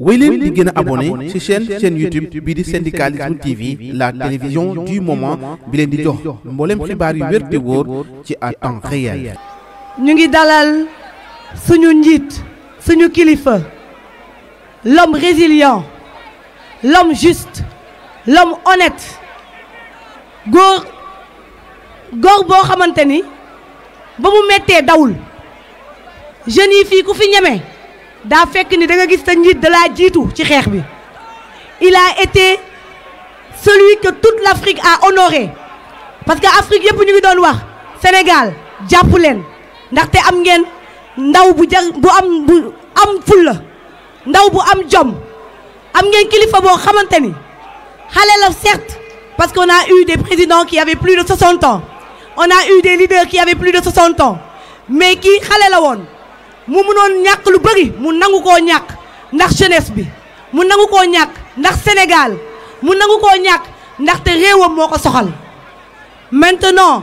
wéy leen di gën a abonné ci chaîne chaîne YouTube bii di syndicalisme TV la télévision du moment bi leen di jox mboolem xibaar yu wér te wóor ci à temps réel. ñu ngi dalal suñu njiit suñu kilifa l'homme résilient l'homme juste l'homme honnête góor góor boo xamante ni ba mu méttee dawul jeunes yi fii ku fi ñeme. daa fekk ni danga gis sa njiit dalaa laa jiitu ci xeex bi il a été celui que toute l'Afrique a honoré parce que Afrique yëpp ñu ngi doon wax Sénégal jàpp leen ndaxte am ngeen ndaw bu ja bu am bu am fulla ndaw bu am jom am ngeen kilifa boo xamante ni xale la certes parce que a eu des présidents qui avaient plus de 60 ans on a eu des leaders qui avaient plus de 60 ans mais kii xale la woon mu mënoon ñàkk lu bari mu nangu koo ñàkk ndax jeunesse bi mu nangu koo ñàkk ndax Sénégal mu nangu koo ñàkk ndaxte réewam moo ko soxal maintenant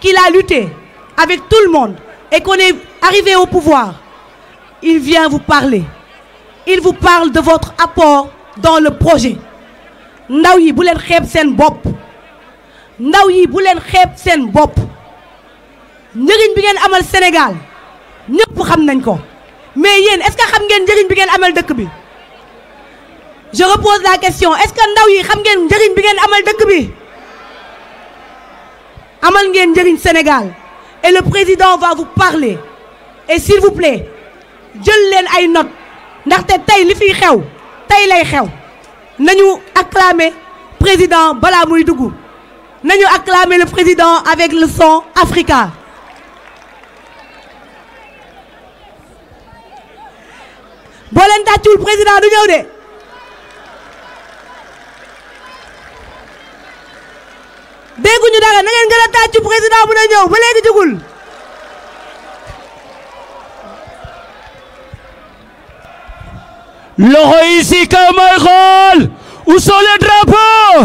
qu'il a lutté avec tout le monde et qu'on est arrivé au pouvoir il vient vous parler il vous parle de votre apport dans le projet ndaw yi bu leen seen bopp ndaw yi bu leen xeeb seen bopp njëriñ bi ngeen amal Sénégal ñëpp xam nañ ko mais yéen est-ce que xam ngeen njëriñ bi ngeen amal dëkk bi je repose la question est-ce que ndaw yi xam ngeen njëriñ bi ngeen amal dëkk bi amal ngeen njëriñ Sénégal et le président va vous parler et s'il vous jël leen ay notes ndaxte tey li fiy xew tey lay xew nañu acclamer président balaa muy dugg nañu acclamer le président avec le Africa boo leen tàccul du ñëw de dégguñu dara na ngeen gën a tàccu président bu na ñëw ba léegi jugul loxo yi si kaw may xool où sont les drapeaux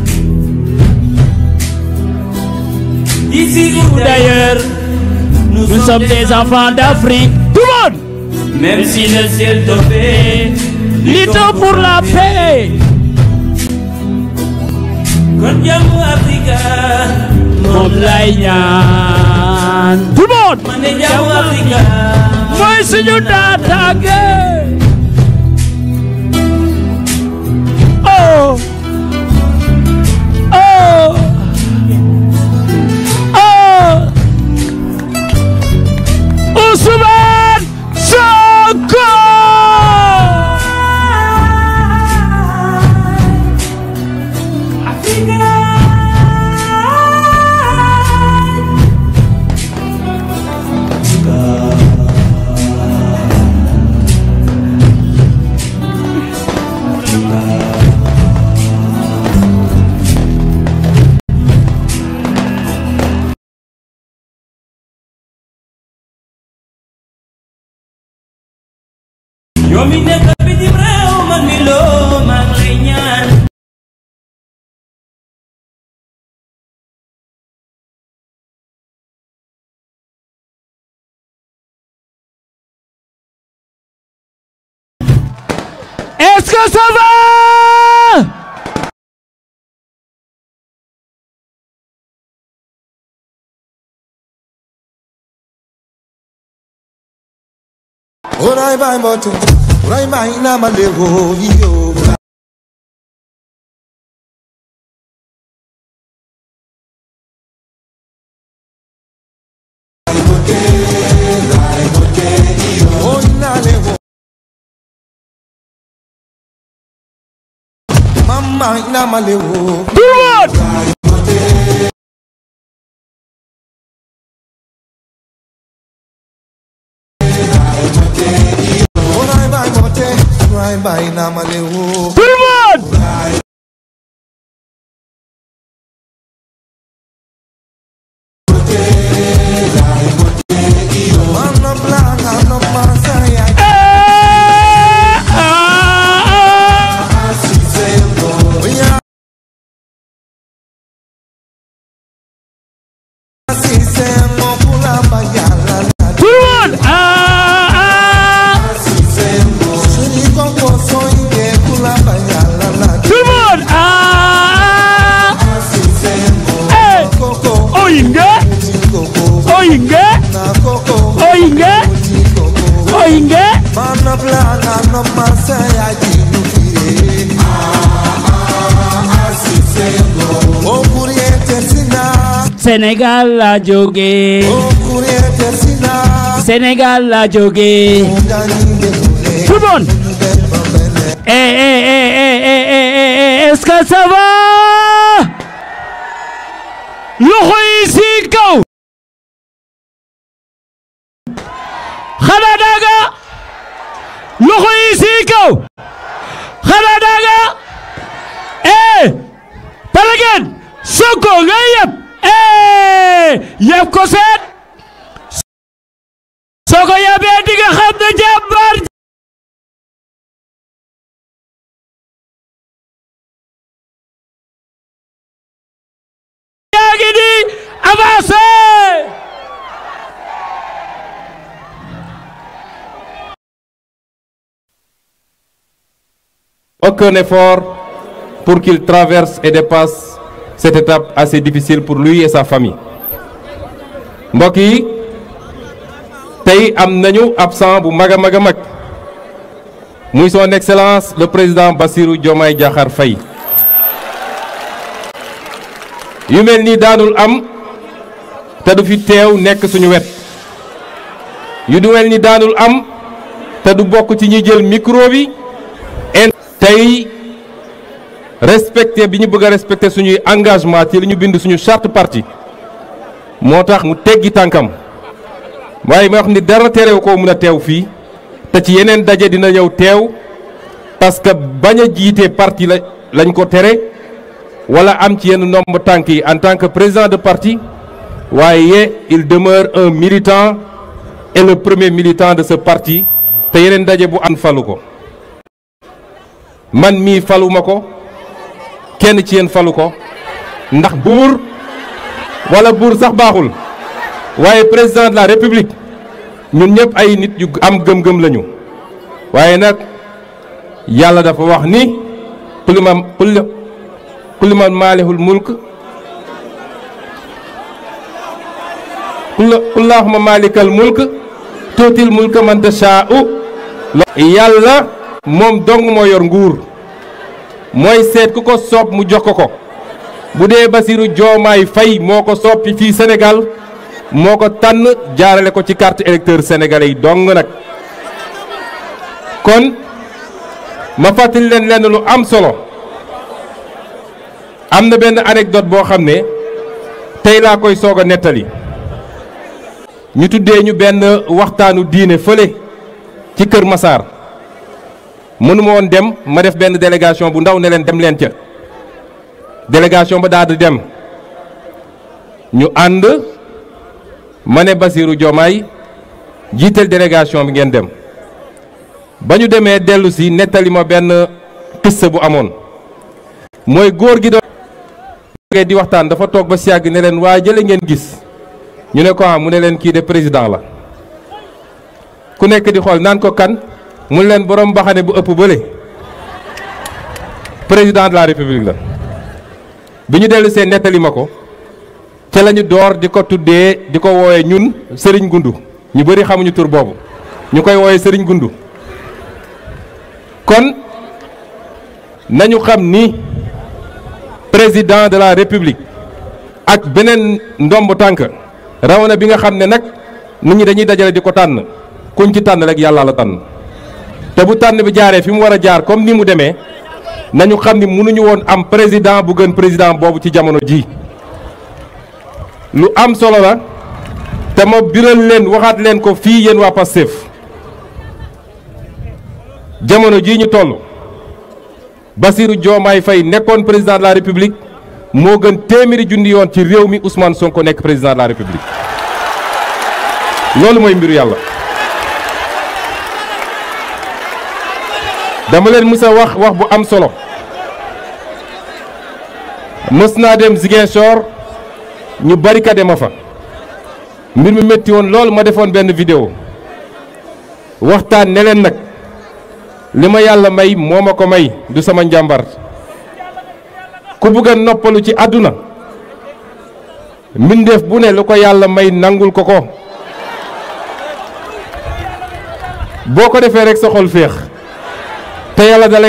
nous sommes des enfants d'Afrique. Tout le monde. Même si le ciel te pour la paix. moom lay ñaan. tout le monde. man de jàmmu Afrika. yow mi nekk bitim réew man mi loo maa ngi lay ñaan Est-ce que ça va Who I buy more to? Urai maina malevo yo Mama ina malevo Do what? Baay Baay naa ma leewoo. tout le monde. Sénégal la jóge Sénégal la jóge tout le monde eh eh eh eh est-ce que ça va loxo yi si kaw xanaa daaga loxo yi si kaw xanaa daaga eh Balla Gaye Sonko ngay yëpp eh yeb ko seet soo ko yebee di nga xam ne jàmbaar yaa ngi di avancé aucun effort pour qu'il traverse et dépasse cette étape assez difficile pour luy et sa famille mbokk yi tey am nañu ab absent bu mag a mag a mag muy son excellence le président Bassirou Diomaye Diakhar Faye yu mel nii daanul am te du fi teew nekk suñu wet yu du mel ni daanul am te du bokk ci ñuy jël micro bi tey respecté bi ñu bëgg a respecté suñuy engagement ci li ñu bind suñu charte parti moo tax mu teggi tànkam waaye ma wax ni dara terew koo mun a teew fii te ci yeneen daje dina ñëw teew parce que bañ a jiite parti la lañ ko tere wala am ci yenn nombre tànk yi en tant que président de parti waaye il demeure un militant et le premier militant de ce parti te yeneen daje bu am falu ko man mii faluma ko kenn ci yéen falu ko ndax buur wala buur sax baaxul waaye président de la république ñun ñëpp ay nit yu am gëm-gëm lañu waaye nag yàlla dafa wax ni kulli man kulli man maalihul mulk kullahuma maalikal mulk tuutil mulka man tashaa'u yàlla moom dong moo yor nguur mooy seet ku ko soob mu jox ko ko bu dee Bassirou Diomaye fay moo ko soob ci fii senegal moo ko tànn jaarale ko ci carte électeur sénégalais yi dong nag kon ma fàttali leen lenn lu am solo am na benn anecdote boo xam ne tey laa koy soog a nettali ñu tuddee ñu benn waxtaanu diine fële ci Kër Massar mënuma woon dem ma def benn délégation bu ndaw ne leen dem leen ca délégation ba daal di dem ñu ànd ma ne basiiru Diomaye jiital délégation bi ngeen dem ba ñu demee dellu si nettali ma benn piste bu amoon mooy góor gi doon di waxtaan dafa toog ba si yàgg ne leen waa jële ngeen gis ñu ne ko ah mu ne leen kii de président la ku nekk di xool naan ko kan. mun leen borom mbaxane bu ëpp bële président de la république la bi ñu dellu seen nettali ma ko ca lañu door di ko tuddee di ko wooyee ñun sëriñ gundu ñu bëri xamuñu tur boobu ñu koy wooyee sëriñ gundu kon nañu xam ni président de la république ak beneen ndomb tànk raw bi nga xam ne nag nit dañuy dajale di ko tànn kuñ ci tànn rek yàlla la tànn te bu tànn bi jaaree fi mu war a jaar comme ni mu demee nañu xam ni mënuñu woon am président bu gën président boobu ci jamono ji lu am solo la te ma biral leen waxaat leen ko fii yéen waa Pastef jamono jii ñu toll Bassirou Diomaye fay nekkoon président la République moo gën téeméeri junni yoon ci réew mi Ousmane Sonko nekk président la République loolu mooy mbiru yàlla. dama leen mës wax wax bu am solo mës naa dem Ziguinchor ñu barricade ma fa mbir mi métti woon loolu ma defoon benn vidéo waxtaan ne leen nag li ma yàlla may moo ma ko may du sama njàmbar ku bëgg a noppalu ci àdduna mbindeef bu ne lu ko yàlla may nangul ko ko boo ko defee rek sa xol féex te yàlla da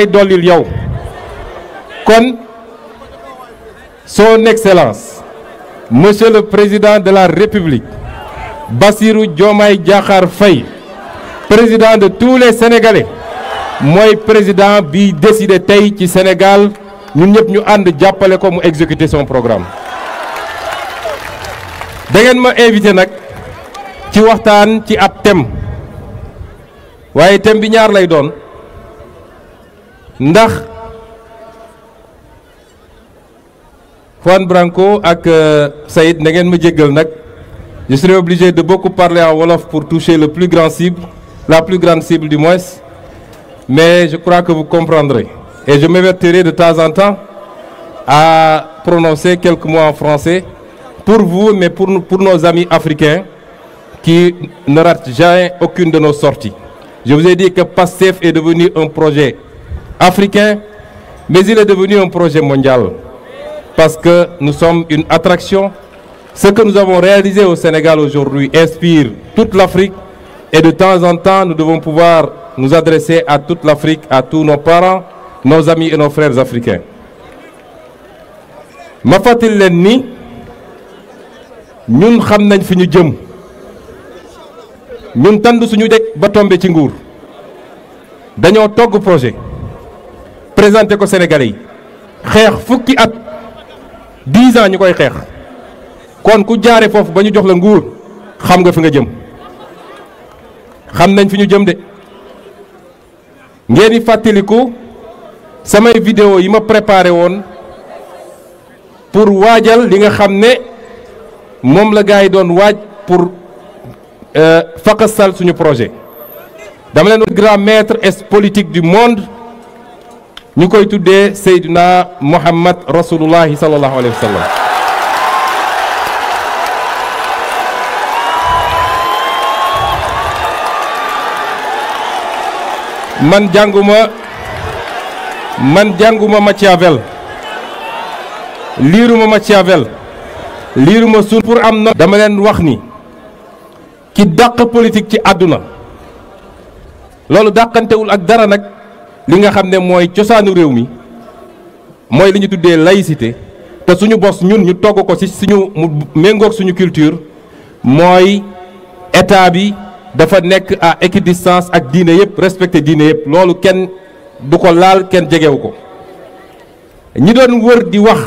yow kon soo excellence monsieur le président de la république Bassirou Diomaye Diakhar fay président de tous les sénégalais mooy président bi décidé tey ci Sénégal ñun ñëpp ñu ànd jàppale ko mu exécuter son programme da ngeen ma invité nag ci waxtaan ci ab thème waaye thème bi ñaar lay doon ndax Juan Branco ak euh, Saïd na ngeen ma jéggal nag je serai obligé de beaucoup parler en wolof pour toucher le plus cible la plus grande cible du moins mais je crois que vous comprendrez et je m'évertirai de temps en temps à prononcer quelques mots en français pour vous mais pour pour nos amis africains qui ne ratent jamais aucune de nos sorties je vous ai dit que PASTEF est devenu un projet africain, mais il est devenu un projet mondial. Parce que nous sommes une attraction. Ce que nous avons réalisé au Sénégal aujourd'hui inspire toute l'Afrique. Et de temps en temps, nous devons pouvoir nous adresser à toute l'Afrique, à tous nos parents, nos amis et nos frères africains. ma fàttali leen ni ñun xam nañ fi ñu jëm ñun tànn suñu dëkk ba tombe ci nguur dañoo togg projet présenté ko Sénégalais yi xeex fukki at dix ans ñu koy xeex kon ku jaare foofu ba ñu jox la nguur xam nga fi nga jëm xam nañ fi ñu jëm de ngeen di fàttaliku samay vidéo yi ma préparer woon pour waajal li nga xam ne moom la gaa yi doon waaj pour euh, sal suñu projet dama leen grand maître et politique du monde ñu koy tuddee Seydina Muhammad rasulullahi sallallahu alayhi wa sallam man jànguma man jànguma Machiavel liiruma Machiavel liiruma sun pour am na dama leen wax ni ki dàq politik ci àdduna loolu dàqantewul ak dara nag li nga xam ne mooy cosaanu réew mi mooy li ñu tuddee laïcité te suñu bos ñun ñu togg ko ci suñu méngook suñu culture mooy état bi dafa nekk à équidistance ak diine yëpp respecté diine yëpp loolu kenn du ko laal kenn jegewu ko ñi doon wër di wax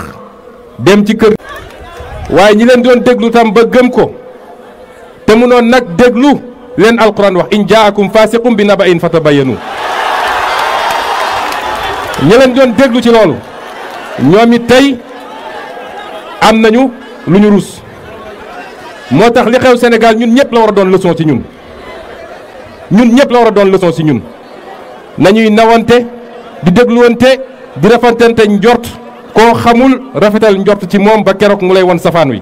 dem ci kër waaye ñi leen doon déglu tam ba gëm ko te noon nag déglu leen alquran wax in jaakum fasiqum bi naba in fatabayanu ñi leen doon déglu ci loolu ñoom it tey am nañu lu ñu rus moo tax li xew Sénégal ñun ñëpp la war a doon leçon ci ñun ñun ñëpp la war a doon leçon ci ñun nañuy nawante di dégluwante di rafetante njort koo xamul rafetal njort ci moom ba keroog mu lay won safaan wi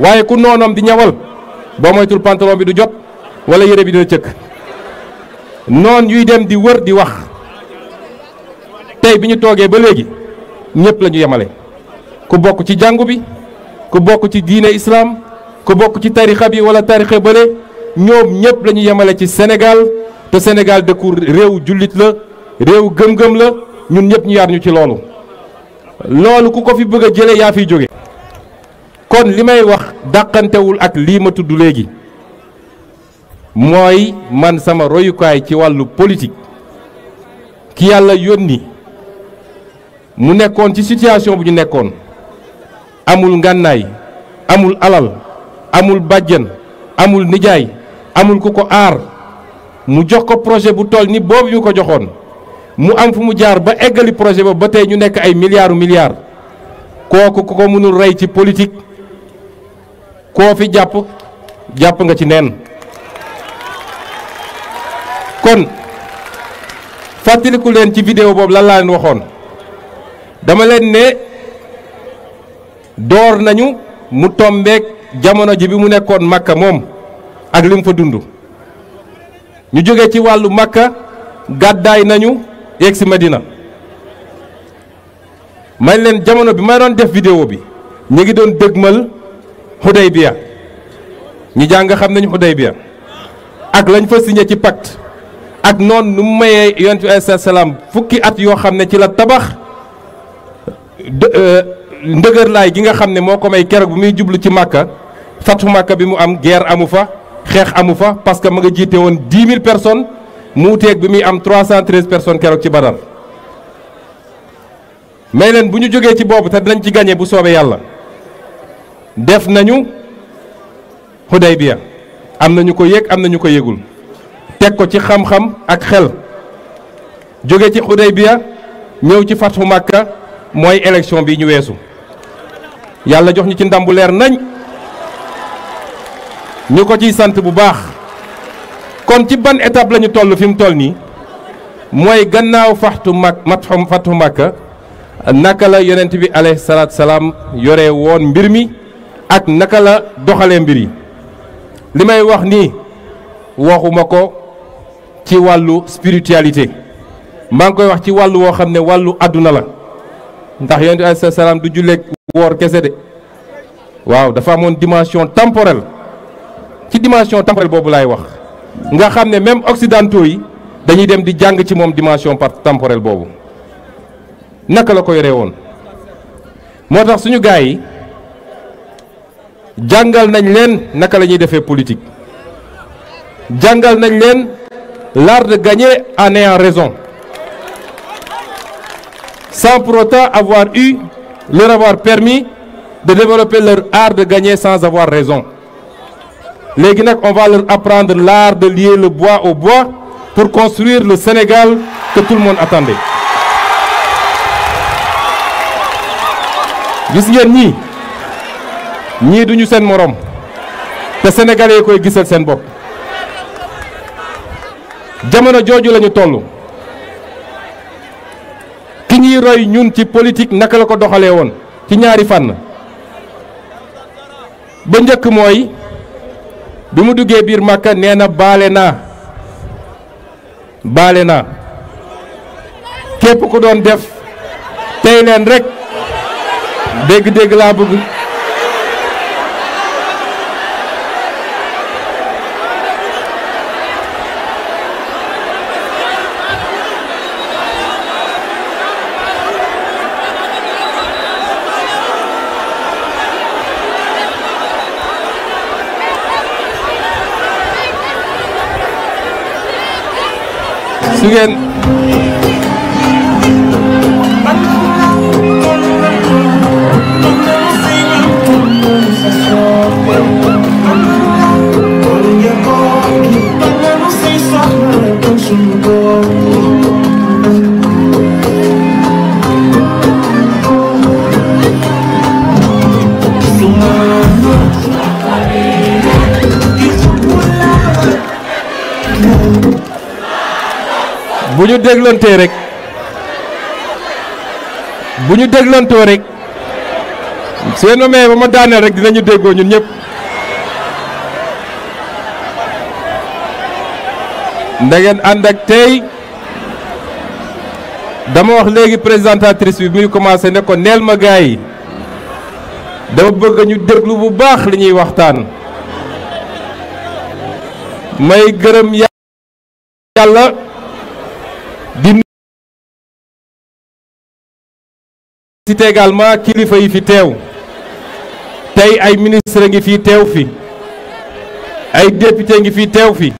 waaye ku noonoom di ñawal boo moytul pantalon bi du jot wala yére bi dina cëkk noon yuy dem di wër di wax tey bi ñu toogee ba léegi ñëpp lañu ñu yemale ku bokk ci jàngu bi ku bokk ci diine islam ku bokk ci tarixa bi wala tarixa bële ñoom ñëpp lañu ñu yemale ci Sénégal te Sénégal dëkku réew jullit la réew gëm-gëm la ñun ñëpp ñu ci loolu loolu ku ko fi bëgg a jëlee yaa fiy jóge kon li may wax dàqantewul ak lii ma tudd léegi mooy man sama royukaay ci wàllu politique ki yàlla yónni mu nekkoon ci situation bu ñu nekkoon amul ngànnaay amul alal amul bàjjen amul nijaay amul ku ko aar mu jox ko projet bu toll ni boobu ñu ko joxoon mu am fu mu jaar ba eggali projet ba ba tey ñu nekk ay milliards milliards kooku ku ko mënul rey ci politique koo fi jàpp jàpp nga ci neen kon fàttaliku leen ci vidéo boobu lan laa waxoon dama leen ne door nañu mu tombeek jamono ji bi mu nekkoon Makka moom ak li mu fa dund ñu jóge ci wàllu Makka gàddaay nañu yegg si Madina may leen jamono bi may doon def vidéo bi ñu ngi doon dëgmal Hudaybiya ñu jàng xam nañu Hudaybiya ak lañ fa signé ci pat ak noon nu mu mayee yonent bi alayhi salaam fukki at yoo xam ne ci la tabax Euh, ndëgërlaay gi nga xam ne moo ko may keroog bu muy jublu ci màkka fatu màkka bi mu am guerre amu fa xeex amu fa parce que ma nga jiite woon 10 000 personnes mu teeg bi muy am 313 personnes keroog ci badar may leen bu ñu jógee ci boobu te dinañ ci gañe bu soobee yàlla def nañu Hudaybiya am na ñu ko yëg am na ñu ko yégul teg ko ci xam-xam ak xel jóge ci Hudaybiya ñëw ci Fathu Makka mooy élection bi ñu weesu yàlla jox ñu ci ndam leer nañ ñu ko ciy sant bu baax kon ci ban étape lañu ñu toll fi mu toll nii mooy gannaaw faxtu mag mat fatu naka la yonent bi alayhi salaatu salaam yore woon mbir mi ak naka la doxale mbir yi li may wax nii waxuma ko ci wàllu spiritualité maa ngi koy wax ci wàllu woo xam ne wàllu àdduna la ndax yonent bi alayhi salaam du julleeg woor kese de waaw dafa amoon dimension temporelle ci dimension temporelle boobu laay wax nga xam ne même occidentaux yi dañuy dem di jàng ci moom dimension par temporelle boobu naka la ko yoree woon moo tax suñu gars yi jàngal nañ leen naka la ñuy defee politique jàngal nañ leen l'art de gagner en ayant raison sans pour autant avoir eu, leur avoir permis de développer leur art de gagner sans avoir raison. Les Guinéens, on va leur apprendre l'art de lier le bois au bois pour construire le Sénégal que tout le monde attendait. gis ngeen ñii ñii duñu seen morom te sénégalais yi koy gisal seen bopp jamono jooju la ñu toll. ki ñuy roy ñun ci politik naka la ko doxalee woon ci ñaari fànn ba njëkk mooy bi mu duggee biir Màkka nee na baale naa baale naa képp ku doon def tey leen rek dégg-dégg laa bëgg. su ngeen ñu déglantee rek bu ñu déglantoo rek seen omee ba ma daaneel rek dinañu déggoo ñun ñëpp da ànd ak dama wax léegi présentatrice bi muy commencé ne ko neel ma gars yi dama bëgg ñu déglu bu baax li ñuy waxtaan may gërëm yàlla di cité également kilifa yi fi teew tey ay ministre ngi fi teew fi ay député ngi fi teew fi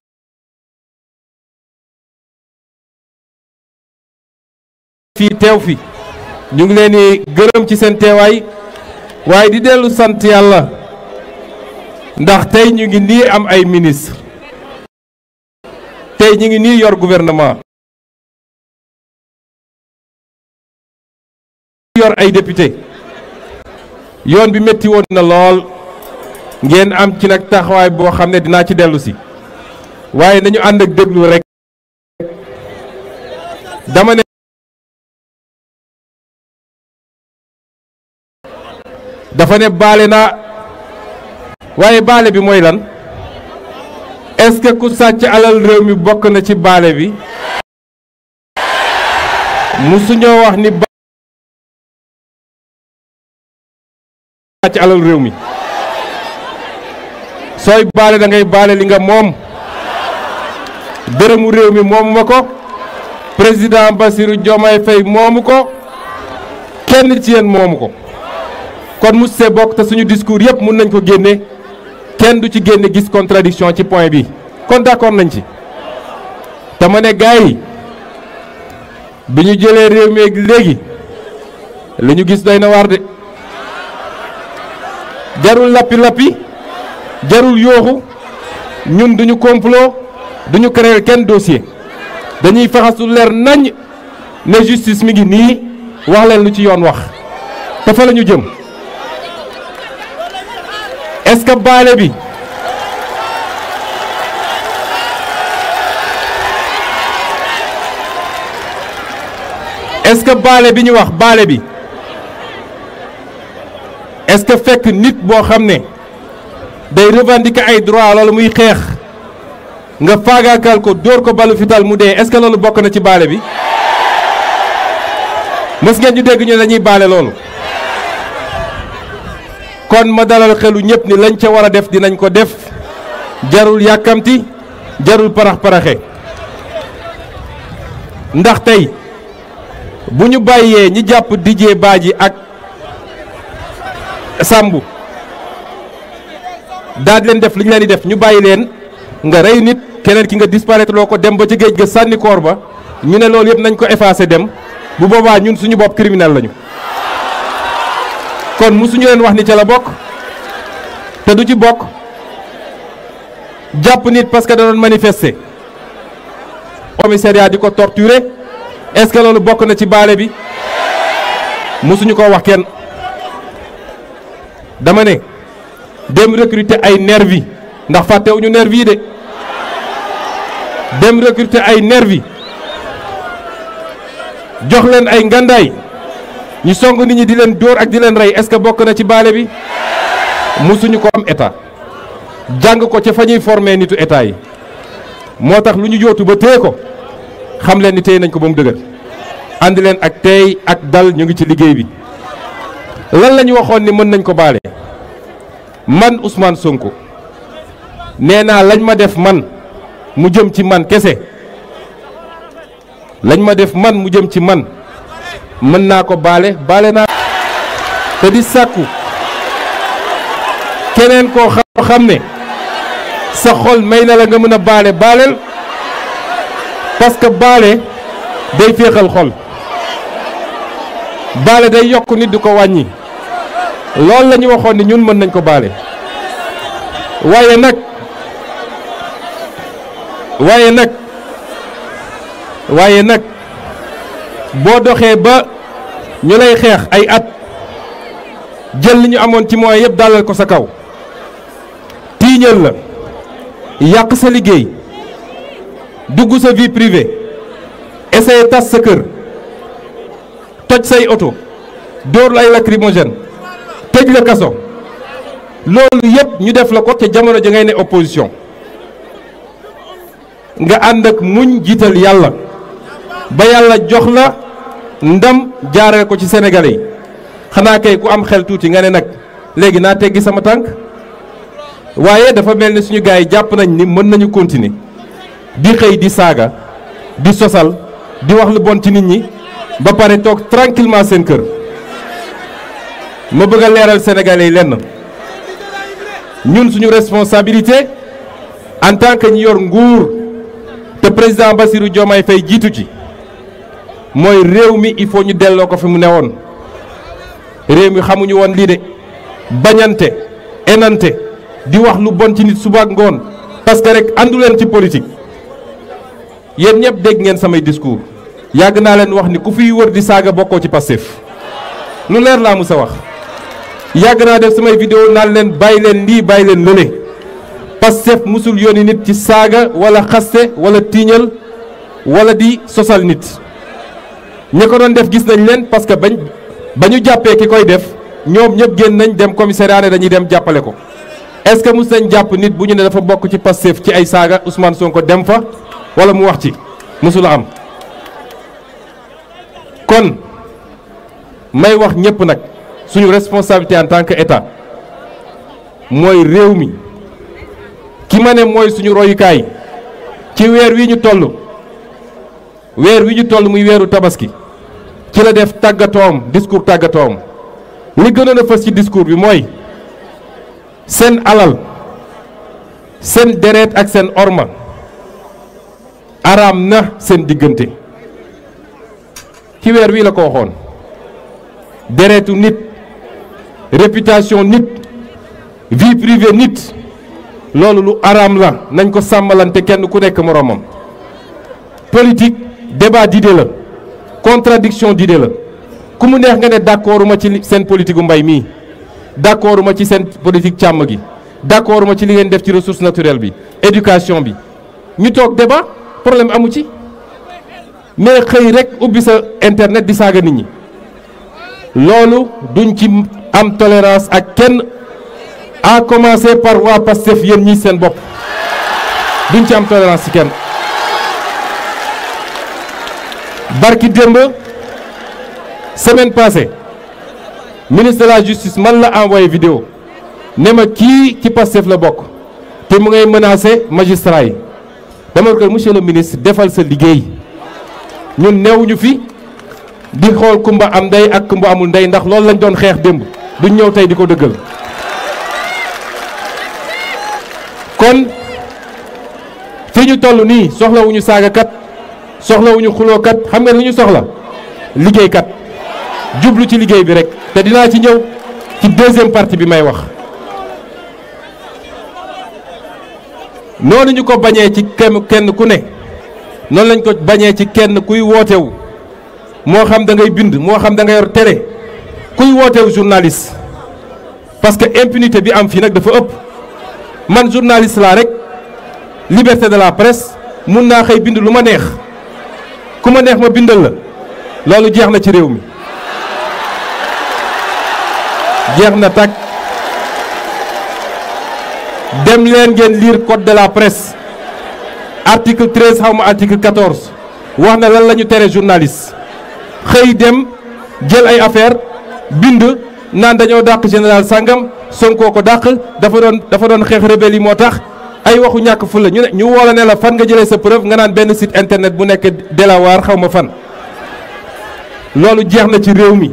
fii teew fi ñu ngi leen di gërëm ci seen teewaay waaye di dellu sant yàlla ndax tey ñu ngi nii am ay ministre tey ñu ngi nii yor gouvernement yor ay député yoon bi métti woon na lool ngeen am ci nag taxawaay boo xam ne dinaa ci dellusi waaye nañu ànd ak déglu rek dama ne dafa ne baale na waaye baale bi mooy lan est-ce que ku sàcc alal réew mi bokk na ci baale bi musuñoo wax ni xàcc alal réew mi sooy baale da ngay baale li nga moom dërëmu réew mi moomu ko président Bassirou Diomaye Faye moomu ko kenn ci yéen moomu ko kon mu see bokk te suñu discours yëpp mun nañ ko génne kenn du ci génne gis contradiction ci point bi kon d'accord nañ ci te ma ne gars bi ñu jëlee réew mi léegi li ñu gis doy na de jarul lappi lappi jarul yooxu ñun duñu complot duñu créer kenn dossier dañuy faxasu leer nañ ne justice mi ngi nii wax lu ci yoon wax te fa la ñu jëm est-ce que baale bi est-ce que baale bi ñu wax baale bi est-ce que fekk nit boo xam ne day revendiquer ay droit loolu muy xeex nga faagaakal ko dóor ko balu fital mu dee est loolu bokk na ci baale bi mës ngeen ñu dégg ñu dañuy baale loolu kon ma dalal xelu ñëpp ni lañ ca war a def dinañ ko def jarul yàkkamti jarul parax-paraxe ndax tey bu ñu bàyyee ñi jàpp Didier Badji ak sàmbu daal di leen def li ñu leen di def ñu bàyyi leen nga rey nit keneen ki nga disparaître loo ko dem ba ci géej ga sànni koor ba ñu ne loolu yëpp nañ ko effacé dem bu boobaa ñun suñu bopp criminel lañu kon musuñu leen wax ni ca la bokk te du ci bokk jàpp nit parce que da doon manifester di ko torturer est-ce que loolu bokk na ci baale bi musuñu ko wax kenn dama ne dem recruter ay nervi ndax fàttewuñu nervi yi de dem recruter ay nervi jox leen ay ngandaay ñu song nit ñi di leen dóor ak di leen rey est-ce que bokk na ci baale bi musuñu ko am état jàng ko ca fa ñuy formé nitu état yi moo tax lu ñu yootu ba téye ko xam leen ni tey nañ ko ba mu dëgër ànd leen ak teey ak dal ñu ngi ci liggéey bi lan la ñu waxoon ni mën nañ ko baale man usmaan Sonko nee naa lañ ma def man mu jëm ci man kese lañ ma def man mu jëm ci man mën naa ko baale baale naa te di sàkku keneen koo xam ne sa xol may na la nga mën a baale baaleel parce que baale day féexal xol baale day yokk nit di ko wàññi loolu la waxoon ni ñun mën nañ ko baale waaye nag waaye nag waaye nag boo doxee ba ñu lay xeex ay at jël li ñu amoon ci moyens yëpp dalal ko sa kaw tiiñal la yàq sa liggéey dugg sa vie privée essayer tas sa kër toj say oto dóor la ay lacrymogène tëj la kaso loolu yëpp ñu def la ko te jamono ja ngay ne opposition nga ànd ak muñ jiital yàlla ba yàlla jox la ndam jaaree ko ci Sénégalais yi xanaa kay ku am xel tuuti nga ne nag léegi naa teggi sama tànk waaye dafa mel ni suñu gars yi jàpp nañ ni mën nañu continuer di xëy di saaga di sosal di wax lu bon ci nit ñi. ba pare toog tranquillement seen kër ma bëgg a leeral sénégalais yi lenn ñun suñu responsabilité en tant que ñu yor nguur te président Bassirou Diomaye Faye jiitu ci mooy réew mi il faut ñu delloo ko fi mu ne woon réew mi xamuñu woon lii de bañante enante di wax lu bon ci nit suba ngoon parce que rek àndu ci politique yéen ñëpp dégg ngeen samay discours. yàgg naa leen wax ni ku fiy wër di saaga bokkoo ci Pastef lu leer laa musa wax yàgg naa def samay vidéo naan leen bàyyi leen lii bàyyi leen lële mosul yoon yónni nit ci saaga wala xaste wala tiiñal wala di sosal nit ñi ko doon def gis nañ leen parce que bañ ba ñu jàppee ki koy def ñoom ñëpp génn nañ dem commissariat ne dañuy dem jàppale ko est-ce que mos nañ jàpp nit bu ñu ne dafa bokk ci Pastef ci ay saaga Ousmane ko dem fa wala mu wax ci musul am kon may wax ñëpp nag suñu responsabilité en tant que état mooy réew mi ki ma ne mooy suñu royukaay ci weer wi ñu toll weer wi ñu toll muy weeru tabaski ci la def tàggatoom discours tàggatoom li gënoon a fës ci discours bi mooy seen alal seen deret ak seen orma araam na seen diggante ci weer wi la ko waxoon deretu nit réputation nit vi privée nit loolu lu araam la nañ ko sàmmalante kenn ku nekk moroomam politique débat d'idée la contradiction d'idée la ku mu neex nga ne d'accorduma ci seen politique u mbay mii d'accorduma ci seen politique càmm gi d'accorduma ci li ngeen def ci ressource naturelle bi éducation bi ñu toog débat problème amu ci mais xëy rek ubbi sa internet di saaga nit ñi loolu duñ ci am tolérance ak kenn à commencer par waa Pastef yéen ñi seen bopp duñ ci am tolérance ci kenn barki démb semaine passée ministre de la justice man la envoyé vidéo ne ma kii ci Pastef la bokk te mu ngay menacer magistrat yi dama ko monsieur le ministre defal sa liggéey ñun neewuñu fi di xool kumba am ndey ak kumba amul ndey ndax loolu lañ doon xeex démb duñ ñëw tey di ko dëggal kon fi ñu toll nii soxlawuñu saagakat soxlawuñu xulookat xam nga li ñu soxla liggéeykat jublu ci liggéey bi rek te dinaa ci ñëw ci deuxième partie bi may wax noonu ñu ko bañee ci kenn ku ne noonu lañ ko bañee ci kenn kuy wootewu moo xam dangay bind moo xam da ngay yor télé kuy wootewu journaliste parce que impunité bi am fii nag dafa ëpp man journaliste laa rek liberté de la presse mun naa xëy bind lu ma neex ku ma neex ma bindal la loolu jeex na ci réew mi jeex na tàkk dem leen ngeen liir code de la presse article 13 xaw ma article 14 wax na lan la ñu tere journaliste xëy dem jël ay affaire bind naan dañoo dàq général sangam Sonko ko dàq dafa doon dafa doon xeex rebelle yi moo tax ay waxu ñàkk fu la ñu ne ñu woola ne la fan nga jëlee sa preuve nga naan benn site internet bu nekk Delaware xaw ma fan loolu jeex na ci réew mi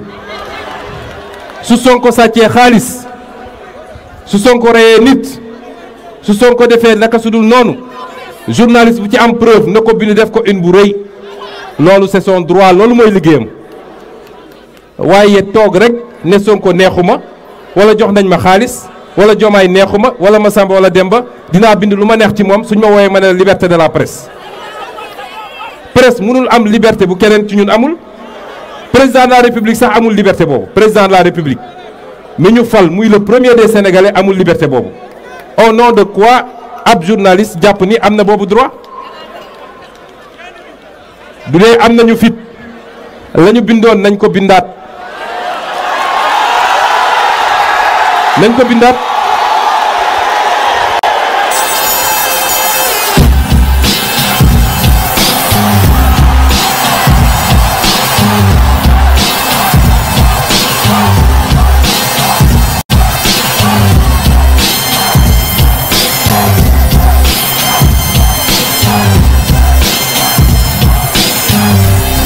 su Sonko sàccee xaalis su Sonko reyee nit su Sonko defee naka su dul noonu journaliste bu ci am preuve na ko bind def ko une bu rëy loolu c'est son droit loolu mooy liggéeyam waaye toog rek ne son ko neexu ma wala jox nañ ma xaalis wala neexu ma wala ma Samba wala Demba dinaa bind lu ma neex ci moom suñ ma wooyee ma ne liberté de la presse presse mënul am liberté bu keneen ci ñun amul président de la république sax amul liberté boobu président la république mi ñu fal muy le premier des sénégalais amul liberté boobu ab journaliste jàpp ni am na boobu droit bu dee am nañu fit la ñu bindoon nañ ko bindaat nañ ko bindaat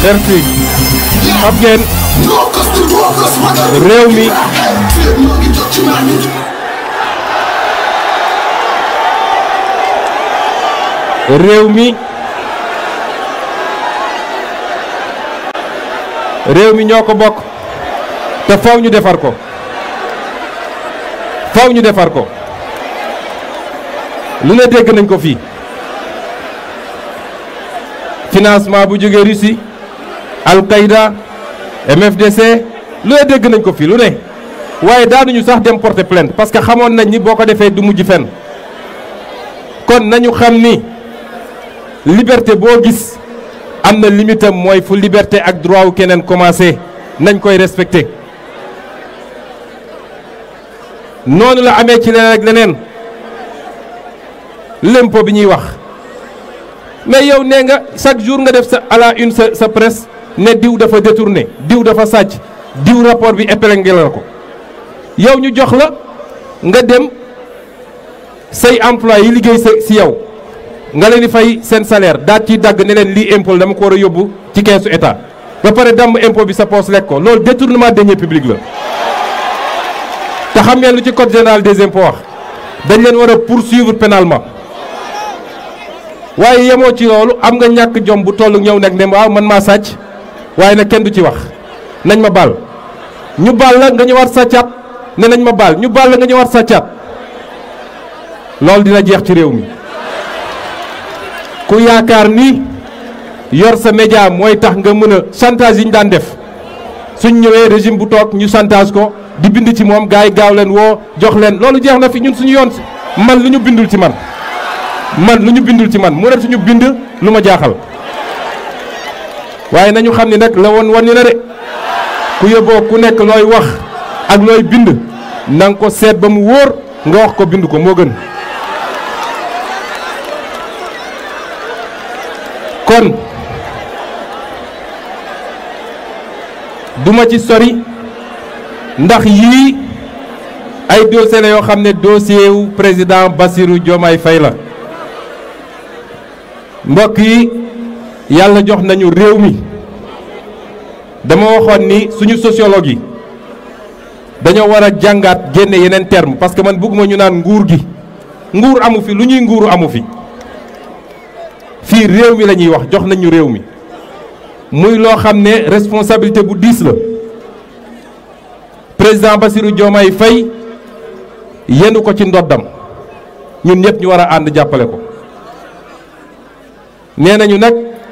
merci réew mi réew mi ñoo ko bokk te faw ñu defar ko faw ñu defar ko lu ne dégg nañ ko fii financement bu jógee Russie Al-Qaïda MFDC lu ne dégg nañ ko fii lu ne waaye daanuñu sax dem porter plainte parce que xamoon nañ ni boo ko defee du mujj fen kon nañu xam ni liberté boo gis am na limitam mooy fu liberté ak droit wu keneen commencé nañ koy respecté noonu la amee ci leneen ak leneen l'impôt bi ñuy wax mais yow nee nga chaque jour nga def sa à une sa sa ne diw dafa détourné diw dafa sàcc diw rapport bi épinglé la ko yow ñu jox la nga dem say employé yi liggéey sa si yow nga leen di fay seen salaire daal ci dagg ne leen lii impôt dama ko war a yóbbu ci keesu état ba pare dàmb impôt bi sa poos lekk ko loolu détournement deniers publics la te xam ngeen lu ci code général des impôts wax dañ leen war a poursuivre pénalement waaye yemoo ci loolu am nga ñàkk jom bu ñëw nag ne waaw man maa sàcc waaye nag kenn du ci wax nañ ma baal ñu baal la nga ñëwaat sàccaat ne nañ ma baal ñu baal la nga ñëwaat sàccaat loolu dina jeex ci réew mi ku yaakaar ni yor sa média mooy tax nga mën a chantage yi ñu daan def suñ ñëwee régime bu toog ñu santaas ko di bind ci moom gars yi gaaw leen woo jox leen loolu jeex na fi ñun suñu yoon man lu ñu bindul ci man man lu ñu bindul ci man mu ne suñu bind lu ma jaaxal waaye nañu xam ni nag la won wan ñu na de ku yóbboo ku nekk looy wax ak looy bind na ko seet ba mu wóor nga wax ko bind ko moo gën kon duma ci sori ndax yii ay dossier la yoo xam ne dossier wu président Bassirou Diomaye Faye la mbokk yi yàlla jox nañu réew mi dama waxoon ni suñu sociologue yi dañoo war a jàngaat génne yeneen terme parce que man bëgguma ñu naan nguur gi nguur amu fi lu ñuy nguuru amu fi fii réew mi lañuy wax jox nañu réew mi muy loo xam ne responsabilité bu diis la président Bassirou Diomaye fay yenu ko ci ndoddam ñun ñëpp ñu war a ànd jàppale ko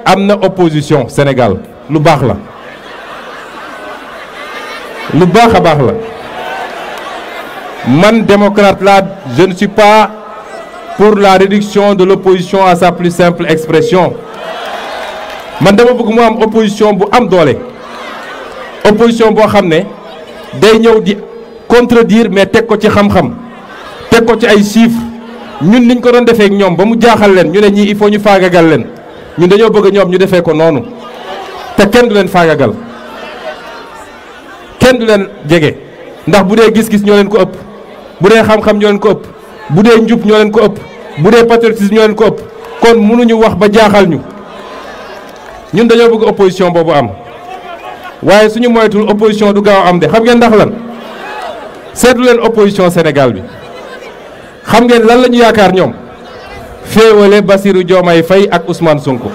am na opposition Sénégal lu baax la lu baax a baax la man démocrate laa je ne suis pour la réduction de l'opposition à sa plus simple expression man dama bëgg mu am opposition bu am doole opposition boo xam ne day ñëw di contredire mais teg ko ci xam-xam teg ko ci ay chiffres ñun niñ ko doon defee ak ñoom ba mu jaaxal leen ñu ne ñii il faut ñu faagagal leen ñun dañoo bëgg ñoom ñu defee ko noonu te kenn du leen faagagal kenn du leen jege ndax bu dee gis-gis ñoo leen ko ëpp bu dee xam-xam ñoo leen ko ëpp bu dee njub ñoo leen ko ëpp bu dee patriotisme ñoo ko ëpp kon mënuñu wax ba jaaxal ñu ñun dañoo bëgg opposition boobu am waaye suñu moytul opposition du gaaw am de xam ngeen ndax lan seetu leen opposition Sénégal bi xam ngeen lan la ñu yaakaar ñoom. féewale Bassirou Diomaye Faye ak Ousmane Sonko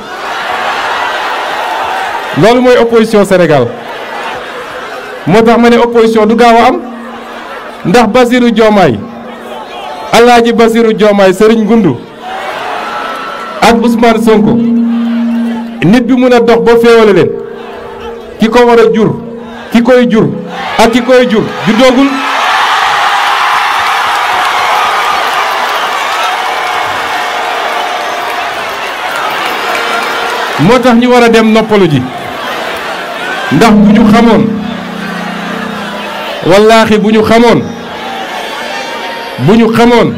loolu mooy opposition Sénégal moo tax ma ne opposition du gaaw a am ndax Bassirou Diomaye Alaaji Bassirou Diomaye sëriñ Goundou ak Ousmane Sonko nit bi mun a dox ba féewale leen ki ko war a jur ki koy jur ak ki koy jur ju doogul moo tax ñu war a dem noppalu ji ndax bu ñu xamoon wallaahi bu ñu xamoon bu ñu xamoon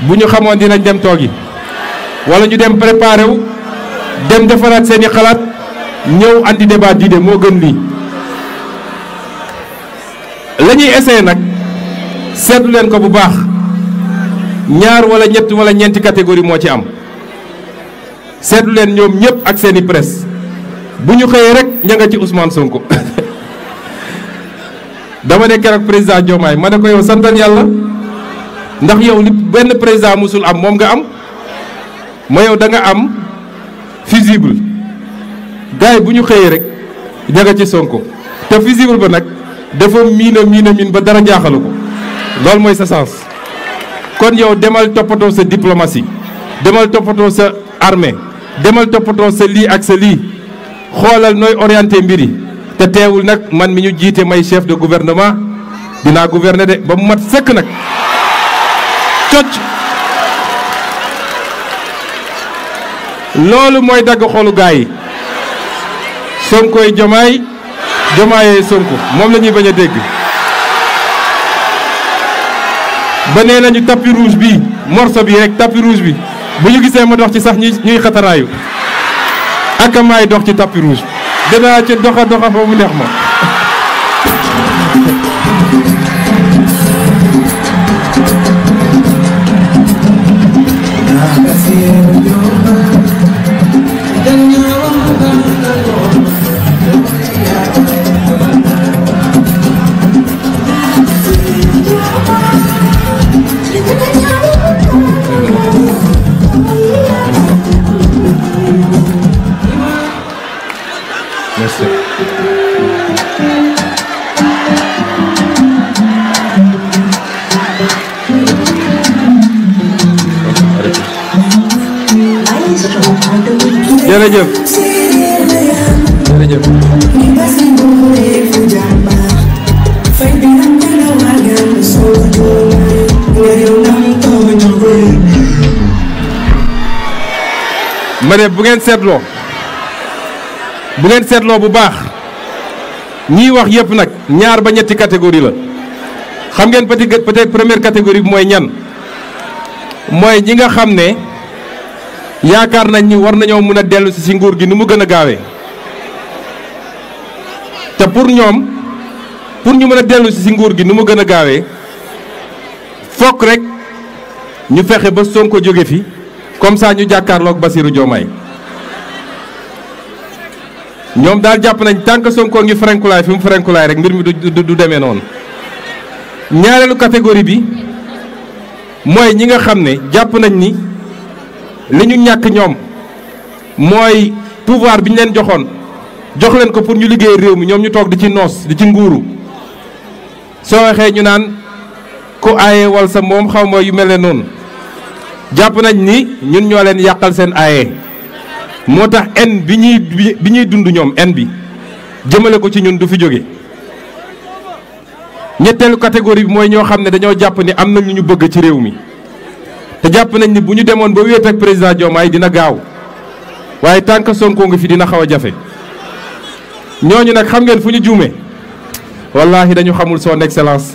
bu ñu xamoon dinañ dem toogi wala ñu dem préparé wu dem defaraat seeni xalaat ñëw andi débat d'idées moo gën lii la ñuy essayé nag seetlu leen ko bu baax ñaar wala ñett wala ñeenti catégorie moo ci am seetlu leen ñoom ñëpp ak seeni presse bu ñu xëyee rek ña nga ci Ousmane Sonko dama ne keroog président Diomaye ma ne ko yow santal yàlla ndax yow li benn président musul am moom nga am ma yow da nga am fusible gars bu ñu xëyee rek ña nga ci Sonko te fusible ba nag dafa miin a miin a miin ba dara jaaxalu ko loolu mooy sa sens kon yow demal toppatoo sa diplomatie demal toppatoo sa armée demal toppatoo sa lii ak sa lii xoolal nooy orienté mbir yi te teewul nag man mi ñu jiite may chef de gouvernement dinaa gouverner de ba mu mat sëkk nag cocc loolu mooy dagg xolu gaa yi Sonkoy Jomaay Jomaayee Sonko moom la bañ a dégg ba nee nañu tapis rouge bi morceau bi rek tapis rouge bi bu ñu gisee ma dox ci sax ñuy ñuy xataraayu ak maay dox ci tapis rouge dinaa ci doxa doxa fa mu neex ma jërëjëf jërëjëf ma ne bu ngeen seetloo bu ngeen seetloo bu baax ñiy wax yëpp nag ñaar ba ñetti catégorie la xam ngeen peut-être bi mooy ñan mooy ñi nga xam ne yaakaar nañ ni war nañoo mën a dellusi si nguur gi ni mu gën a gaawee te pour ñoom pour ñu mën a dellusi si nguur gi ni mu gën a gaawee fokk rek ñu fexe ba Sonko jóge fi comme saa ñu jàkkaarloog Bassirou Diomaye ñoom daal jàpp nañ tant que Sonko ngi ferenkulaay fi mu ferenkulaay rek mbir mi du du demee noonu ñaareelu catégorie bi mooy ñi nga xam ne jàpp nañ ni. li ñu ñàkk ñoom mooy pouvoir bi ñu leen joxoon jox leen ko pour ñu liggéey réew mi ñoom ñu toog di ci noos di ci nguuru soo waxee ñu naan ku aaye wal sa moom xawma yu mel ne noonu jàpp nañ ni ñun ñoo leen yàqal seen aaye moo tax en bi ñuy bi ñuy dund ñoom en bi jëmale ko ci ñun du fi jóge ñetteelu catégorie bi mooy ñoo xam ne dañoo jàpp ni am na ñu ñu bëgg ci réew mi te jàpp nañ ni bu ñu demoon ba wéet ak président Diomaye dina gaaw waaye tànk Sonko ngi fii dina xaw a jafe ñooñu nag xam ngeen fu ñu juumee wallaahi dañu xamul son excellence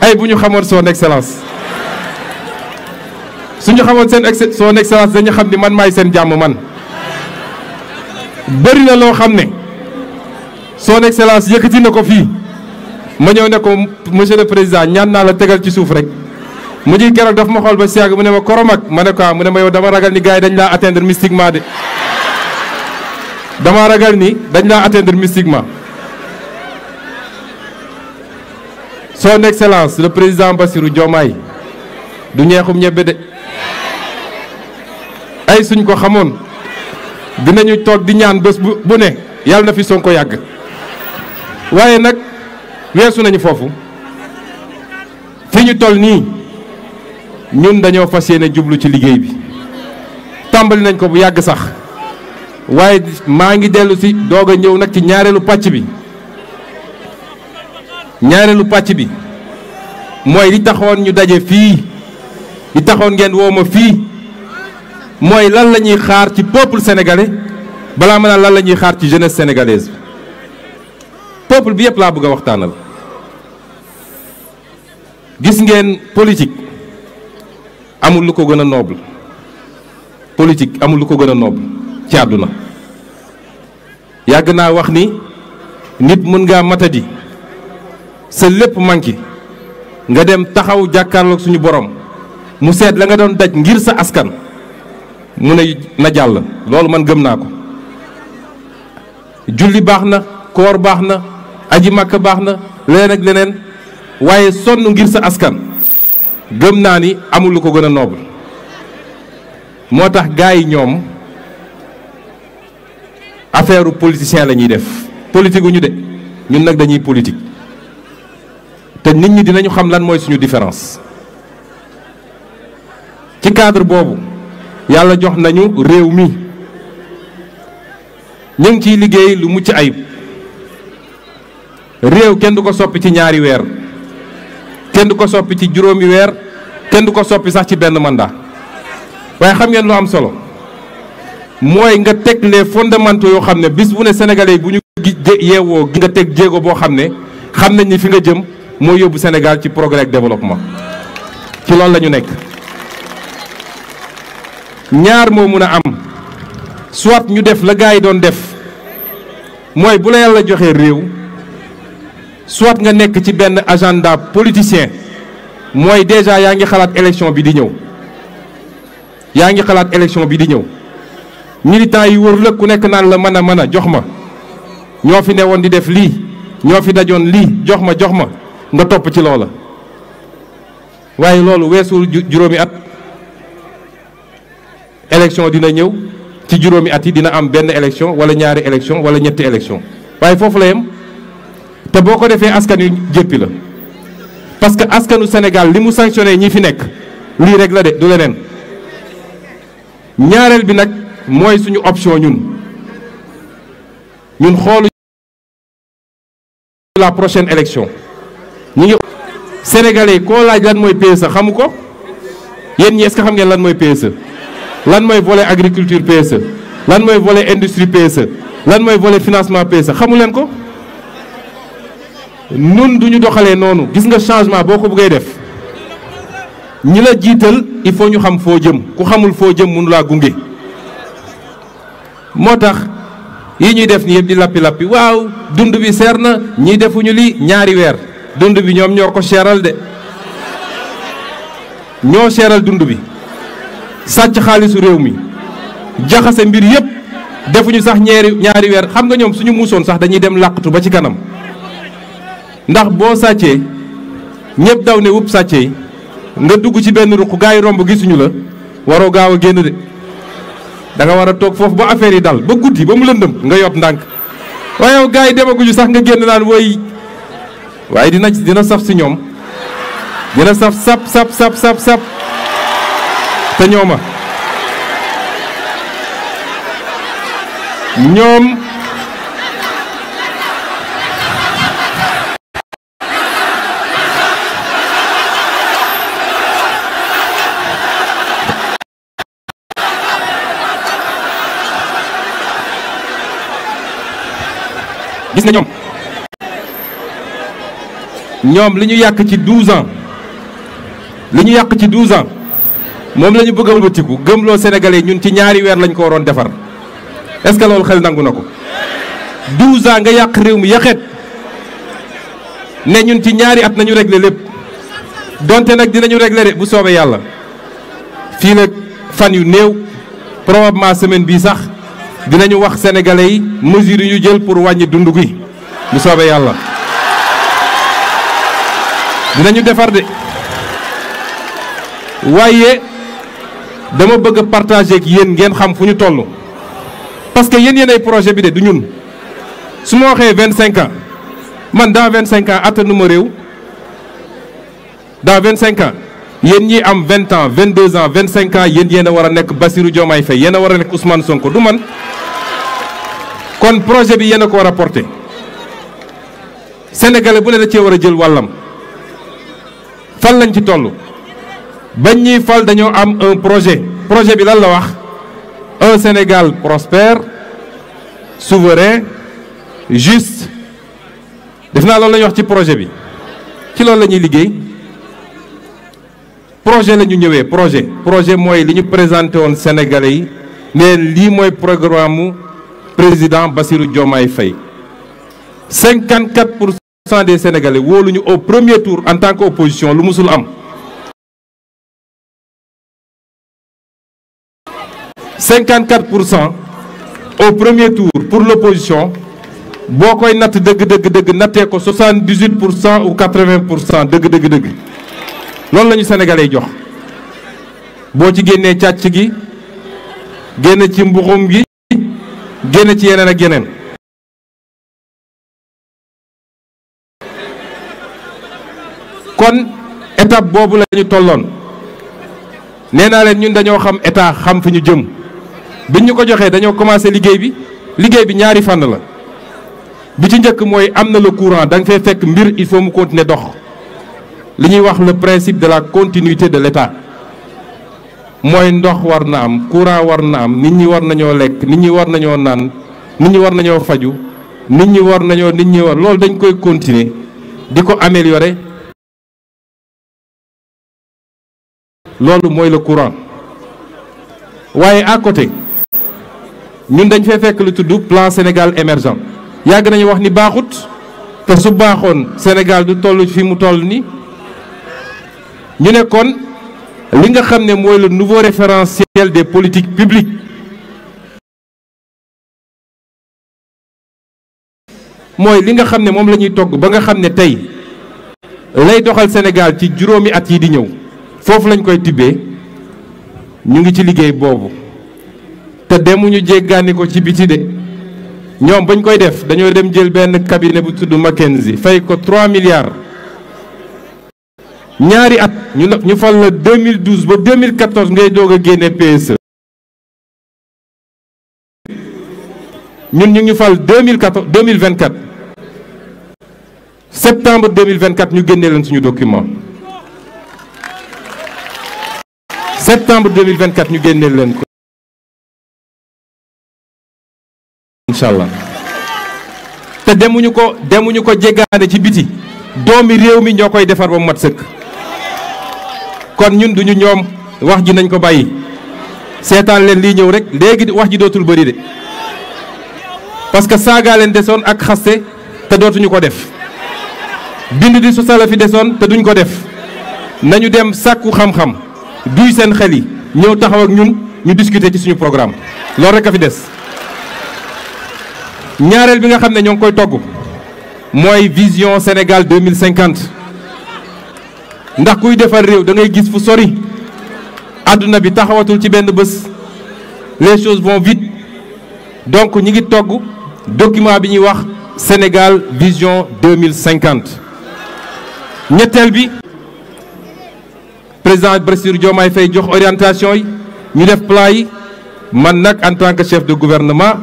ay bu ñu xamoon son excellence suñu xamoon seen ex son dañu xam ni man maay seen jàmm man bëri na loo xam ne son excellence yëkkati ne ko fii ma ñëw ne ko monsieur le président ñaan naa la tegal ci suuf rek mu ji keroog daf ma xool ba si mu ne ma koromag ma ne quoi ah mu ne ma yow dama ragal ni gars yi dañ laa atteindre de dama ragal ni dañ laa atteindre mystiquement son excellence le président Bassirou Diomaye du ñeexum ñebbe de ay suñ ko xamoon dinañu toog di ñaan bés bu bu ne yàlla na fi ko yàgg waaye nag weesu nañu foofu fi ñu toll nii ñun dañoo fas yéene jublu ci liggéey bi tàmbali nañ ko bu yàgg sax waaye maa ngi dellusi si doog a ñëw nag ci ñaareelu pàcc bi ñaareelu pàcc bi mooy li taxoon ñu daje fii li taxoon ngeen woo ma fii mooy lan la ñuy xaar ci peuple sénégalais balaa ma naan lan la ñuy xaar ci jeunesse sénégalaise bi peuple bi yëpp laa bëgg a waxtaanal gis ngeen politique. amul lu ko gën a noble politique amul lu ko gën a noble ci àdduna yàgg naa wax ni nit mën ngaa matadi sa lépp manqué nga dem taxaw jàkkaarloog suñu borom mu seet la nga doon daj ngir sa askan mu ne na jàll loolu man gëm naa ko julli baax na koor baax na aji màkk baax na leneen ak leneen waaye sonn ngir sa askan gëm naa ni amul lu ko gën a noble moo tax gars yi ñoom affaire politicien la ñuy def politique ñu de ñun nag dañuy politique te nit ñi dinañu xam lan mooy suñu différence ci cadre boobu yàlla jox nañu réew mi ñu ngi ciy liggéey lu mucc ayib réew kenn du ko soppi ci ñaari weer kenn du ko soppi ci juróomi weer kenn du ko soppi sax ci benn mandat waaye xam ngeen lu am solo mooy nga teg les fondamentaux yoo xam ne bis bu ne sénégalais yi bu ñu yeewoo gi nga teg jéego boo xam ne xam nañ ni fi nga jëm moo yóbbu senegal ci progrès ak développement ci loolu la ñu nekk ñaar moo mën a am soit ñu def la gars yi doon def mooy bu la yàlla joxee réew soit nga nekk ci benn agenda politicien mooy déjà yaa ngi xalaat élection bi di ñëw yaa ngi xalaat élection bi di ñëw militants yi wër la ku nekk naan la mën a mën a jox ma ñoo fi newoon di def lii ñoo fi dajoon lii jox ma jox ma nga topp ci loola waaye loolu weesul juróomi at élection dina ñëw ci juróomi at yi dina am benn élection wala ñaari élection wala ñetti élection waaye foofu la te boo ko defee askan yu jéppi la parce que askanu Sénégal li mu sanctionné ñi fi nekk lii rek la de du leneen ñaareel bi nag mooy suñu option ñun ñun xoolu la prochaine élection ñi ngi sénégalais koo laaj lan mooy PSE xamu ko yen ñi est xam ngeen lan mooy PSE lan mooy volet agriculture PSE lan mooy volet industrie PSE lan mooy volet financement PSE xamu leen ko nun du ñu doxalee noonu gis nga changement boo ko bëggee def ñi la jiital il faut ñu xam foo jëm ku xamul foo jëm mënu laa gunge moo tax yi ñuy def nii yëpp di lappi lappi waaw dund bi seer na ñii defuñu li ñaari weer dund bi ñoom ñoo ko seeral de ñoo seeral dund bi sàcc xaalisu réew mi jaxase mbir yëpp defuñu sax ñeeri ñaari weer xam nga ñoom suñu muusoon sax dañuy dem làqatu ba ci kanam ndax boo sàccee ñëpp daw ne wupp sàccee nga dugg ci benn ruq gaa yi romb gisuñu la waroo gaaw a génn de danga war a toog foofu ba affaire yi dal ba guddi ba mu lëndëm nga yot ndànk waaye yow gaa yi demaguñu sax nga génn naan woy waaye dina dina saf si ñoom dina saf sap sap sap sap sap te ñooma ñoom gis ñoom ñoom li ñu yàq ci 12 ans li ñu yàq ci 12 ans moom la ñu bëgg a wëlbatiku gëmloo sénégalais ñun ci ñaari weer lañ ko waroon defar est-ce que loolu xel nangu na ko 12 ans nga yàq réew mi yaxet ne ñun ci ñaari at nañu régler lépp donte nag dinañu régler bu soobee yàlla fii nag fan yu néew probablement semaine bi sax. dina dinañu wax sénégalais yi mesures yi ñu jël pour wàññi dund gi bu soobee yàlla dinañu defar de waaye dama bëgg a partager ak yéen ngeen xam fu ñu toll parce que yéen yéenay projet bi de du ñun su ma waxee vingt cinq man dans vingt cinq ans attanu réew dans vingt cinq ans yéen ñi am vingt ans vingt deux ans vingt cinq yéen yéen a war a nekk Bassirou Diomaye Faye yéen a war a nekk Ousmane Sonko du man kon projet bi yéen a ko war a porté sénégalais bu ne da cee war a jël wàllam fan lañ ci toll bañ ñuy fal dañoo am un projet projet bi lan la wax un Sénégal prospère souverain juste def naa loolu la wax ci projet bi ci loolu la ñuy liggéey projet la ñu ñëwee projet projet mooy li ñu présenté woon sénégalais yi ne lii mooy programme président Bassirou Diomaye Faye 54 pour cent des sénégalais ñu au premier tour en tant que opposition lu musul am 54 pour cent au premier tour pour l'opposition boo koy natt dëgg dëgg dëgg nattee ko 78 pour cent ou 80 pour cent dëgg dëgg dëgg lañu la jox boo ci génnee càcc gi génn ci mbuxum gi génn ci yeneen ak yeneen. kon étape boobu la ñu tolloon nee naa leen ñun dañoo xam état xam fi ñu jëm biñ ñu ko joxee dañoo commencé liggéey bi liggéey bi ñaari fànn la bi ci njëkk mooy am na le courant da nga fay fekk mbir il faut mu continuer dox li ñuy wax le principe de la continuité de l' mooy ndox war na am courant war na am nit ñi war nañoo lekk nit ñi war nañoo naan nit ñi war nañoo faju nit ñi war nañoo nit ñi war loolu dañ koy continuer di ko améliorer loolu mooy la courant waaye à côté ñun dañ fee fekk lu tudd plan Sénégal émergent yàgg nañu wax ni baaxut te su baaxoon senegal du toll fi mu toll ni ñu ne li nga xam ne mooy le nouveau référentiel des politiques publiques mooy li nga xam ne moom la ñuy togg ba nga xam ne tey lay doxal Sénégal ci juróomi at yi di ñëw foofu lañ koy tibbee ñu ngi ci liggéey boobu te demuñu jéggaani ko ci biti de ñoom bañ koy def dañoo dem jël benn cabinet bu tudd Mackenzie fay ko 3 milliards ñaari at ñu ñu fal la 2012 ba 2014 ngay doog a génne PSE. ñun ñu mille ngi fal 2014 2024 septembre 2024 ñu génne leen suñu document. septembre 2024 ñu génne leen ko. incha allah te demuñu ko demuñu ko jéggaane ci biti doomi réew mi ñoo koy defar ba mu mat sëkk. kon ñun duñu ñoom wax ji nañ ko bàyyi seetaan leen lii ñëw rek léegi wax ji dootul bëri de parce que saagaa leen desoon ak xaste te dootuñu ko def bind di su sala fi desoon te duñ ko def nañu dem sàkku xam-xam duy seen xel yi ñëw taxaw ak ñun ñu discuter ci suñu programme loolu rek a fi des ñaareel bi nga xam ne ñoo ngi koy togg mooy vision Sénégal 2050 ndax kuy defar réew dangay gis fu sori àdduna bi taxawatul ci benn bés les choses vont vite donc ñi ngi togg document bi ñuy wax Sénégal vision 2050 ñetteel bi président Bassirou Diomaye Faye jox orientation yi ñu def plan yi man nag en tant que chef de gouvernement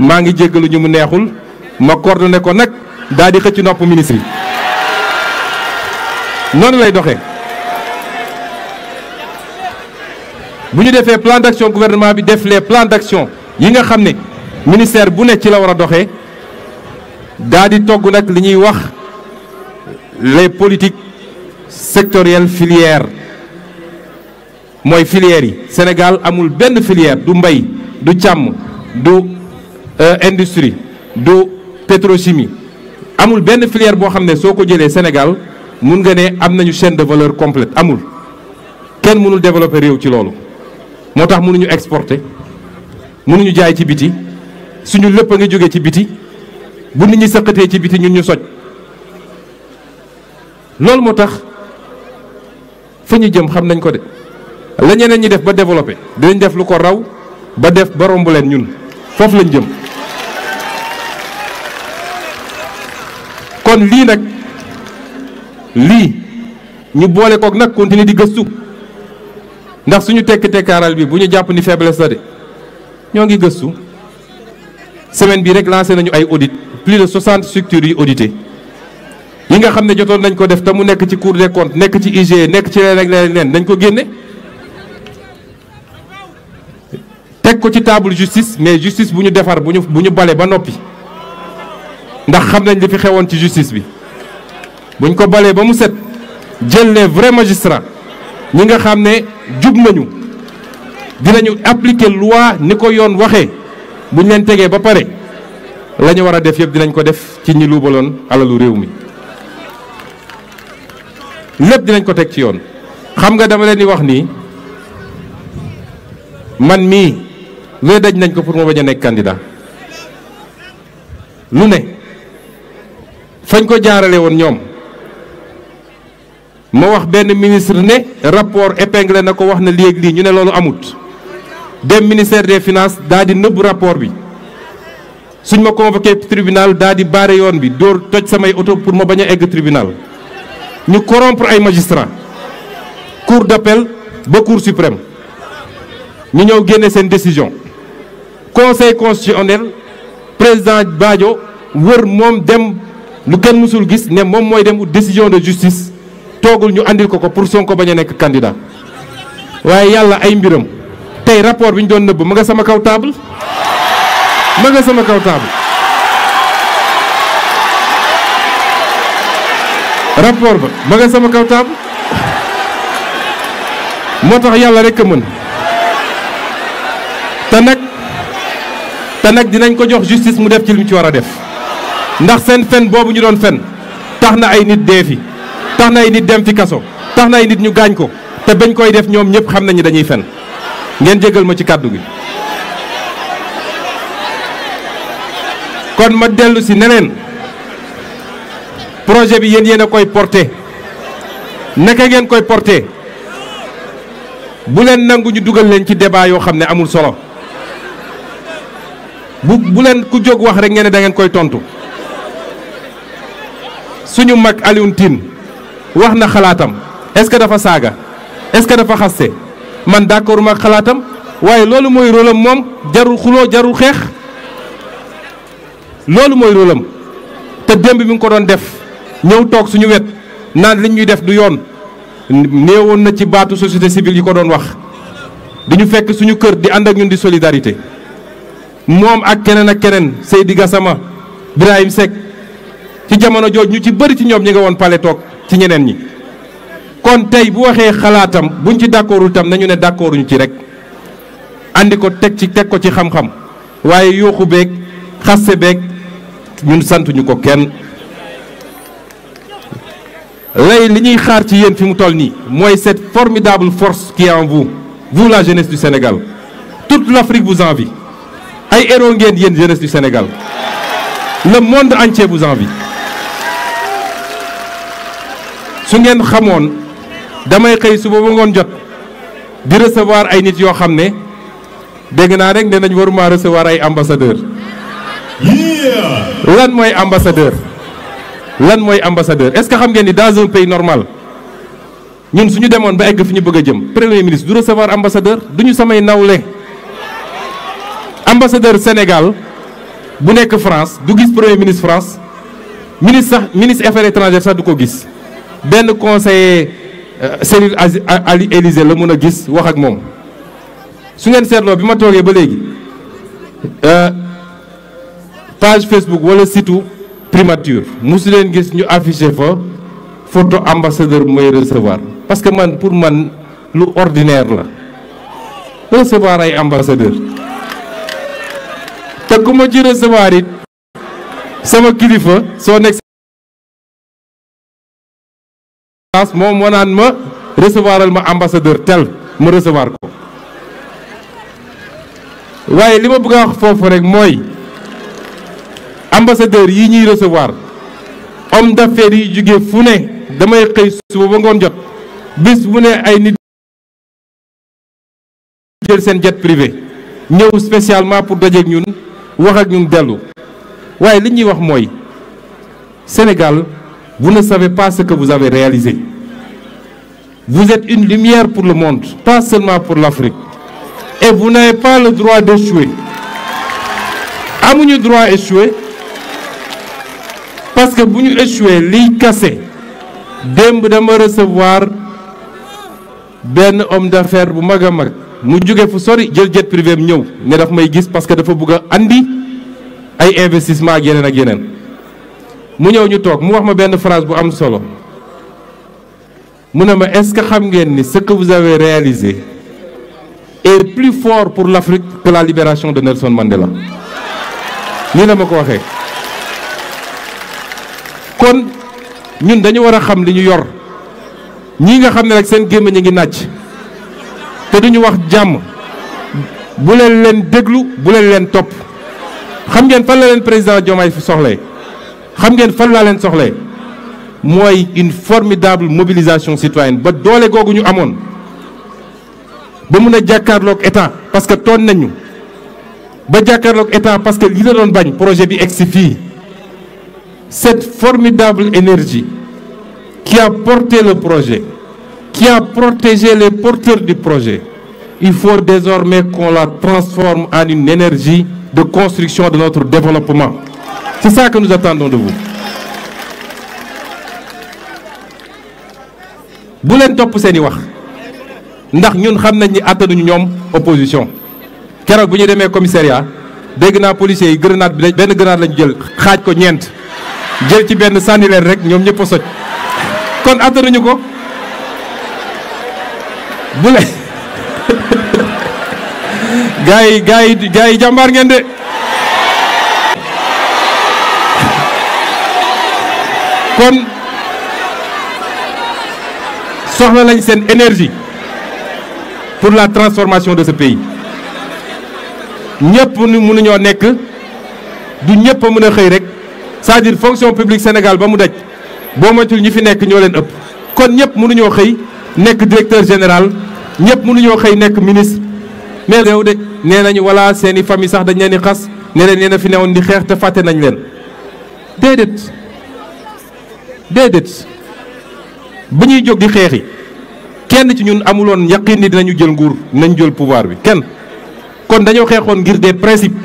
maa ngi jéggalu ñu mu neexul ma coordonné ko nag daal di xëcc nopp ministre yi noonu lay doxe bu ñu defee plan d'action gouvernement bi def les plans d'action yi nga xam ne ministère bu ne ci la war a doxe daa di togg nag li ñuy wax les politiques sectorielles filières mooy filières yi Sénégal amul benn filière du mbay du càmm du euh, industrie du pétrochimie amul benn filière boo xam ne soo ko jëlee Sénégal mun nga ne am nañu chaîne de valeur complète amul kenn mënul développer réew ci loolu moo tax mënuñu exporter mënuñu jaay ci biti suñu lépp a ngi jógee ci biti bu nit ñi sëqatee ci biti ñun ñu soj loolu moo tax fa ñu jëm xam nañ ko de la ñeneen ñi def ba développer dinañ def lu ko raw ba def ba romb leen ñun foofu lañ jëm kon lii nag. lii ñu boole kook nag continuer di gëstu ndax suñu tekk-tekkaaral bi bu ñu jàpp ni faiblesse la de ñoo ngi gëstu semaine bi rek lancé nañu ay audit plus de 60 structures yu audité yi nga xam ne jotoon nañ ko def te mu nekk ci cour des comptes nekk ci IGE nekk ci leen ak leen dañ ko génne teg ko ci table justice mais justice bu ñu defar bu ñu bu ñu bale ba noppi ndax xam nañ li fi xewoon ci justice bi buñ ko balee ba mu set jël les vrais magistrats ñi nga xam ne jub nañu dinañu appliquer loi ni ko yoon waxee buñ leen tegee ba pare la ñu war a def yëpp dinañ ko def ci ñi luubaloon alalu réew mi lépp dinañ ko teg ci yoon. xam nga dama leen di wax nii man mii lu daj nañ ko pour ma bañ a nekk candidat lu ne fañ ko jaarale woon ñoom. ma wax benn ministre ne rapport épinglé na ko wax na léegi lii ñu ne loolu amut dem ministère des finances daa di nëbb rapport bi suñ ma convoqué tribunal daa di baare yoon bi dóor toj samay oto pour ma bañ a egg tribunal ñu corrompre ay magistrat cour d'appel ba cour suprême ñu ñëw génne seen décision conseil constitutionnel président Badio wër moom dem lu kenn mësul gis ne moom mooy dem décision de justice toogul ñu andil ko ko pour Sonko bañ a nekk candidat waaye yàlla ay mbiram tey rapport bi ñu doon nëbb ma nga sama kaw table ma nga sama kaw table rapport ba sama kaw moo tax yàlla rekk a mën te nag te nag dinañ ko jox justice mu def ci li ci war a def ndax seen fen boobu ñu doon fen tax na ay nit dee tax na ay nit dem fi kaso tax na ay nit ñu gaañ ko te bañ koy def ñoom ñëpp xam nañu dañuy fen ngeen jégal ma ci kàddu gi kon ma dellu si neneen projet bi yéen yéen a koy porté naka ngeen koy porté bu leen nangu ñu dugal leen ci débat yoo xam ne amul solo bu bu leen ku jóg wax rek ngeen dangeen koy tontu suñu mag Alioune Tine wax na xalaatam est-ce que dafa saaga est-ce que dafa xaste man d'accord ma ak xalaatam waaye loolu mooy rôle moom jarul xuloo jarul xeex loolu mooy rôle am te démb mi ngi ko doon def ñëw toog suñu wet naan li ñuy def du yoon néewoon na ci baatu société sibil yi ko doon wax di ñu fekk suñu kër di ànd ak ñun di solidarité moom ak keneen ak keneen Seydi Gassama Birahim Seck ci jamono jooju ñu ci bëri ci ñoom ñu nga woon pale toog ci ñeneen ñi kon tey bu waxee xalaatam buñ ci d'accordul tam nañu ne d'accorduñ ci rek andi ko teg ci teg ko ci xam-xam waaye yooxu beeg xaste beeg ñun santuñu ko kenn lay li ñuy xaar ci yéen fi mu toll nii mooy cette formidable force qui est en vous vous la jeunesse du Sénégal toute l'Afrique vous envie ay héros ngeen yéen jeunesse du Sénégal le mont entier vous envie su ngeen xamoon damay xëy suba ba ngoon jot di recevoir ay nit yoo xam ne dégg naa rek ne nañ waruma recevoir ay ambassadeur lan mooy ambassadeur lan mooy ambassadeur est-ce que xam ngeen ni dans un pays normal ñun suñu demoon ba egg fi ñu bëgg a jëm premier ministre du recevoir ambassadeur du ñu samay nawle ambassadeur Sénégal bu nekk France du gis premier ministre France ministre sax ministre affaires étrangères sax du ko gis benn conseiller euh, Cellil Ali Élysée la mën a gis wax ak moom su ngeen seetloo bi ma toogee ba léegi euh, page Facebook wala situ primature mosu leen gis ñu affiché fa photo ambassadeur bu may recevoir parce que man pour man lu ordinaire la recevoir ay ambassadeur te ku ma ci recevoir it sama kilifa soo nekk France moom moo naan ma recevoiral ma ambassadeur tel ma recevoir ko waaye lima ma a wax foofu rek mooy ambassadeur yi ñuy recevoir om d'affaires yi jóge fu ne damay xëy suba ba ngoon jot bis bu ne ay nit jël seen jet privé ñëw spécialement pour dajeek ñun wax ak ñun dellu waaye li ñuy wax mooy Sénégal vous ne savez pas ce que vous avez réalisé. Vous êtes une lumière pour le monde, pas seulement pour l'Afrique. Et vous n'avez pas le droit d'échouer. amuñu droit échouer parce que bu ñu échouer liy kase démb dama recevoir benn homme d'affaires bu mag a mag mu jóge fu sori jël jet privé ñëw ne daf may gis parce que dafa bugg a andi ay investissement ak yeneen ak yeneen. mu ñëw ñu toog mu wax ma benn frase bu am solo mu ne ma est-ce que xam ngeen ni ce que vous avez réalisé est plus fort pour l'Afrique que la libération de Nelson Mandela nii la ma ko waxee kon ñun dañu war a xam li ñu yor ñii nga xam ne rek seen gémmiñ a ngi nàcc te duñu wax jàmm bu leen leen déglu bu leen leen topp xam ngeen fan la leen président Diomaye soxlay xam ngeen fan laa leen soxlee mooy une formidable mobilisation citoyenne ba doole googu ñu amoon ba mun a jàkkaarloog état parce que ton nañu ba jàkkaarloog état parce que li la doon bañ projet bi egsi fii cette formidable énergie qui a porté le projet qui a protégé les porteurs du projet il faut désormais qu'on la transforme en une énergie de construction de notre développement C'est ça que nous attendons de vous. bu leen topp seen i wax ndax ñun xam nañ ni attanuñu ñoom opposition keroog bu ñu demee commissariat dégg naa policiers yi grenade bi benn grenade lañu jël xaaj ko ñeent jël ci benn sànni leen rek ñoom ñëpp a soj kon attanuñu ko bu leen gaa yi gars yi gars yi jàmbaar ngeen de. kon soxla nañ seen énergie pour la transformation de ce pays ñëpp nu mënuñoo nekk du ñëpp a mën a xëy rek c'est-à-dire fonction publique ba mu daj boo moytul ñi fi nekk ñoo leen ëpp kon ñëpp mënuñoo xëy nekk directeur général ñëpp mënuñoo xëy nekk ministre mais réew de nee nañu voilà seen i famille sax dañ leen di xas ne leen nee na fi newoon di xeex te fàtte nañ leen déedéet déedéet ba ñuy jóg di xeexi kenn ci ñun amuloon yaqin ni dinañu jël nguur nañ jël pouvoir bi kenn kon dañoo xeexoon ngir des principes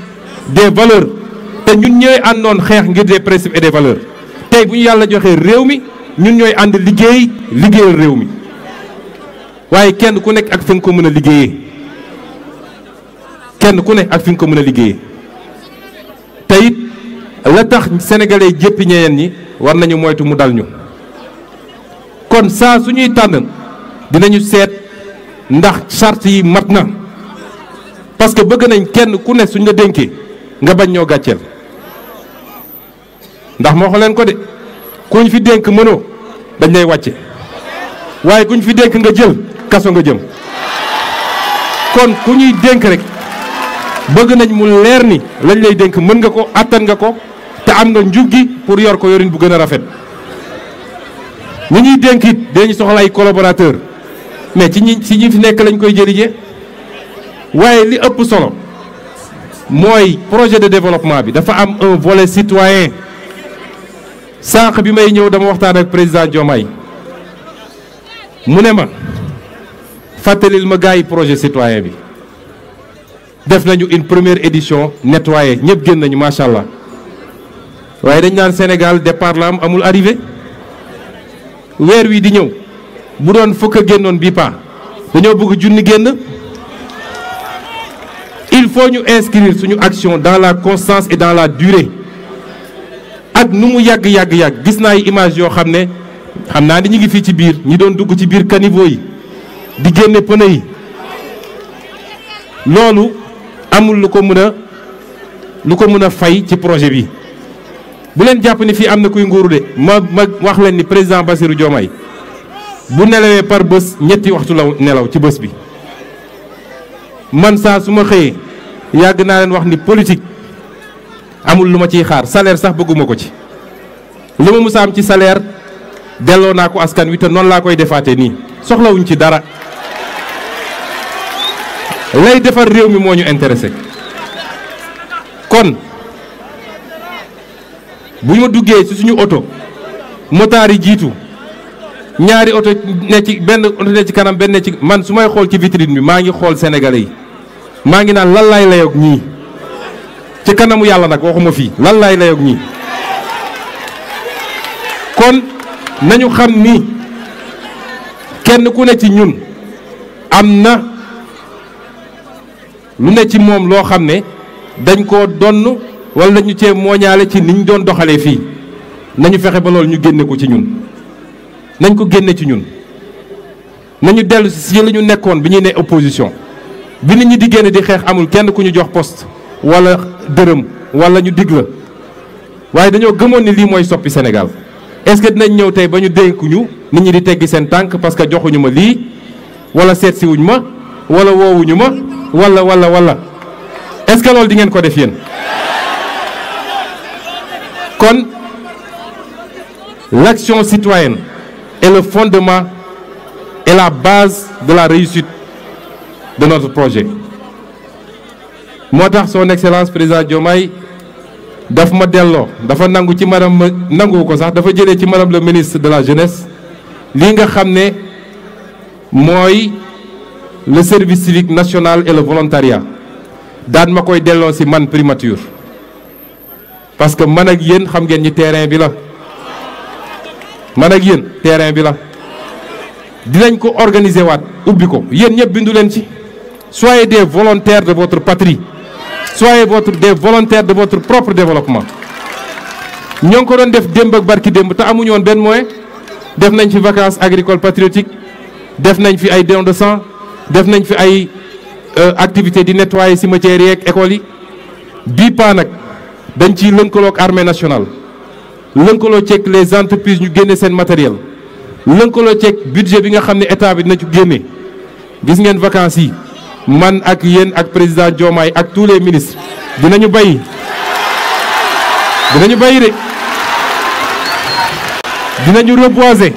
des valeurs te ñun ñooy àndoon xeex ngir de principes et des valeurs tey bu ñu yàlla joxee réew mi ñun ñooy ànd liggéey liggéeyal réew mi waaye kenn ku nekk ak fi nga ko mën a liggéeyee kenn ku nekk ak fi nga ko mën a liggéeyee te it la tax sénégalais jëppi ñeneen ñi. war nañu moytu mu dal ñu kon saa suñuy ñuy tànn dinañu seet ndax charte yi mat na parce que bëgg nañ kenn ku ne suñ la dénkee nga bañ ñoo gàcceel ndax moo xo ko de kuñ fi dénk mënoo dañ lay wàcce waaye kuñ fi dénk nga jël kaso nga jëm kon ku ñuy dénk rek bëgg nañu mu leer ni lañ lay dénk mën nga ko àttan nga ko te am nga njub pour yor ko yorin bu gën a rafet ñi ñuy dénk it dañu soxla ay collaborateur mais ci ñi ci ñi fi nekk lañ koy jëriñee waaye li ëpp solo mooy projet de développement bi dafa am un volet citoyen sànq bi may ñëw dama waxtaan ak président Diomaye mu ne ma fàttalil ma gars yi projet citoyen bi def nañu une première édition nettoyée ñëpp génn nañu macha allah. waaye dañ naan Sénégal départ la amul arrivé weer wi di ñëw bu doon fukk a génnoon bi pa dañoo bëgg junni génn il faut ñu inscrire suñu action dans la constance et dans la durée ak nu mu yàgg yàgg yàgg gis naa ay image yoo xam ne xam naa ni ñu ngi fii ci biir ñi doon dugg ci biir caniveau yi di génne pneu yi loolu amul lu ko mën a lu ko mën a fay ci projet bi bu leen jàpp ni fii am na kuy nguuru de ma ma wax leen ni président Bassirou Diomaye bu nelawee par bës ñetti waxtu la nelaw ci bës bi man saa su ma xëyee yàgg naa leen wax ni politique amul lu ma ciy xaar salaire sax bëgguma ko ci li ma musa am ci salaire delloo naa ko askan wi te noonu laa koy defaatee nii soxlawuñ ci dara lay defar réew mi moo ñu intéressé kon bu ñu ma duggee ci suñu oto motaar yi jiitu ñaari oto ne ci benn oto ne ci kanam benn ne ci man su may xool ci vitrine bi maa ngi xool senegale yi maa ngi naan lan laay layoog ñii ci kanamu yàlla nag waxuma fii lan laay layoog ñii kon nañu xam ni kenn ku ne ci ñun am na lu ne ci moom loo xam ne dañ koo donn wala nañu cee mooñaale ci niñ doon doxalee fii nañu fexe ba loolu ñu génne ko ci ñun nañ ko génne ci ñun nañu dellu si la ñu nekkoon bi ñuy ne opposition bi nit ñi di génne di xeex amul kenn ku ñu jox post wala dërëm wala ñu digla waaye dañoo gëmoon ni lii mooy soppi Sénégal est-ce que dinañ ñëw tey ba ñu dénk ñu nit ñi di teggi seen tànk parce que joxuñu ma lii wala seetsiwuñ ma wala woowuñu ma wala wala wala est-ce que loolu di ngeen ko def yéen kon l'action citoyenne est le fondement et la base de la réussite de notre projet moo tax son excellence président Diomaye daf ma delloo dafa nangu ci madame nangu ko sax dafa jëlee ci madame le ministre de la jeunesse lii nga xam ne mooy le service civique national et le volontariat daan ma koy delloo si man primature parce que man ak yéen xam ngeen ni terrain bi la man ak yéen terrain bi la dinañ ko organiser waat ubbi ko yéen ñëpp bindu leen ci soyez des volontaires de votre patrie soyez votre des volontaires de votre propre développement ñoo ngi ko doon def démb ak barki démb te amuñu benn moyen def nañ fi vacances agricole patriotiques def nañ fi ay don de sang def nañ fi ay euh, activités di nettoyer cimetières yeeg écoles yi bii paa nag dañ ci lëkkaloo ak armée nationale lëkkaloo ceeg les entreprises ñu génne seen matériel lëkkaloo ceeg budget bi nga xam ne état bi dina ci génne gis ngeen vacances yi man ak yéen ak président Diomaye ak tous les ministres dinañu bay dinañu bay de dinañu reboiser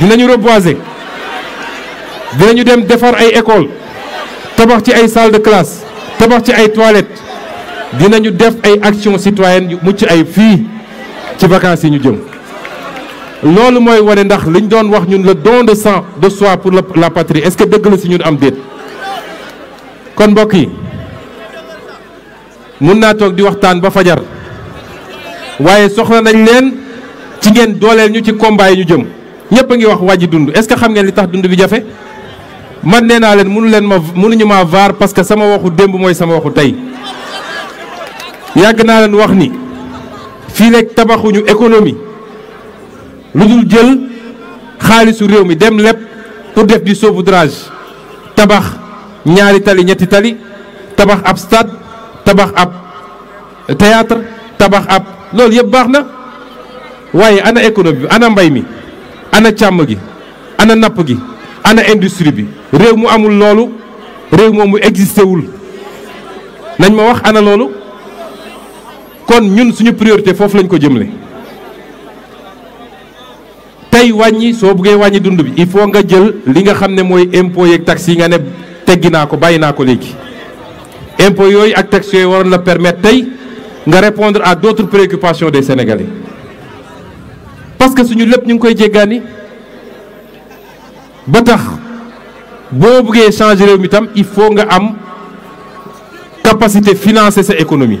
dinañu reboiser dinañu dem defar ay école tabax ci ay salle de classe tabax ci ay toilettes ñu def ay action citoyenne yu mucc ay fii ci vacance yi ñu jëm loolu mooy wane ndax liñ doon wax ñun la don de sang de soi pour la patrie est-ce que dëgg la si ñun am déet kon mbokk yi mun naa toog di waxtaan ba fajar waaye soxla nañ leen ci ngeen dooleel ñu ci combat yi ñu jëm ñëpp a ngi wax wàjji dund est-ce que xam ngeen li tax dund bi jafe man nee naa leen mënu leen ma mënuñu maa vaar parce que sama waxu démb mooy sama waxu tey yàgg naa leen wax ni fii rek tabaxuñu économie lu dul jël xaalisu réew mi dem lépp pour def di saupoudrage tabax ñaari tali ñetti tali tabax ab stade tabax ab théâtre tabax ab loolu yëpp baax na waaye ana économie bi ana mbay mi ana càmm gi ana napp gi ana industrie bi réew mu amul loolu réew moom mu existé wul nañ ma wax ana loolu kon ñun suñu priorité foofu lañ ko jëmle tey wàññi soo buggee wàññi dund bi il faut nga jël li nga xam ne mooy impôt yeeg taxes yi nga ne teggi naa ko bàyyi naa ko léegi impôt yooyu ak taxes yooyu waroon la permettre tey nga répondre à d'autres préoccupations des Sénégalais parce que suñu lépp ñu ngi koy jéggaani ba tax boo buggee changer réew mi tam il faut nga am capacité financer sa économie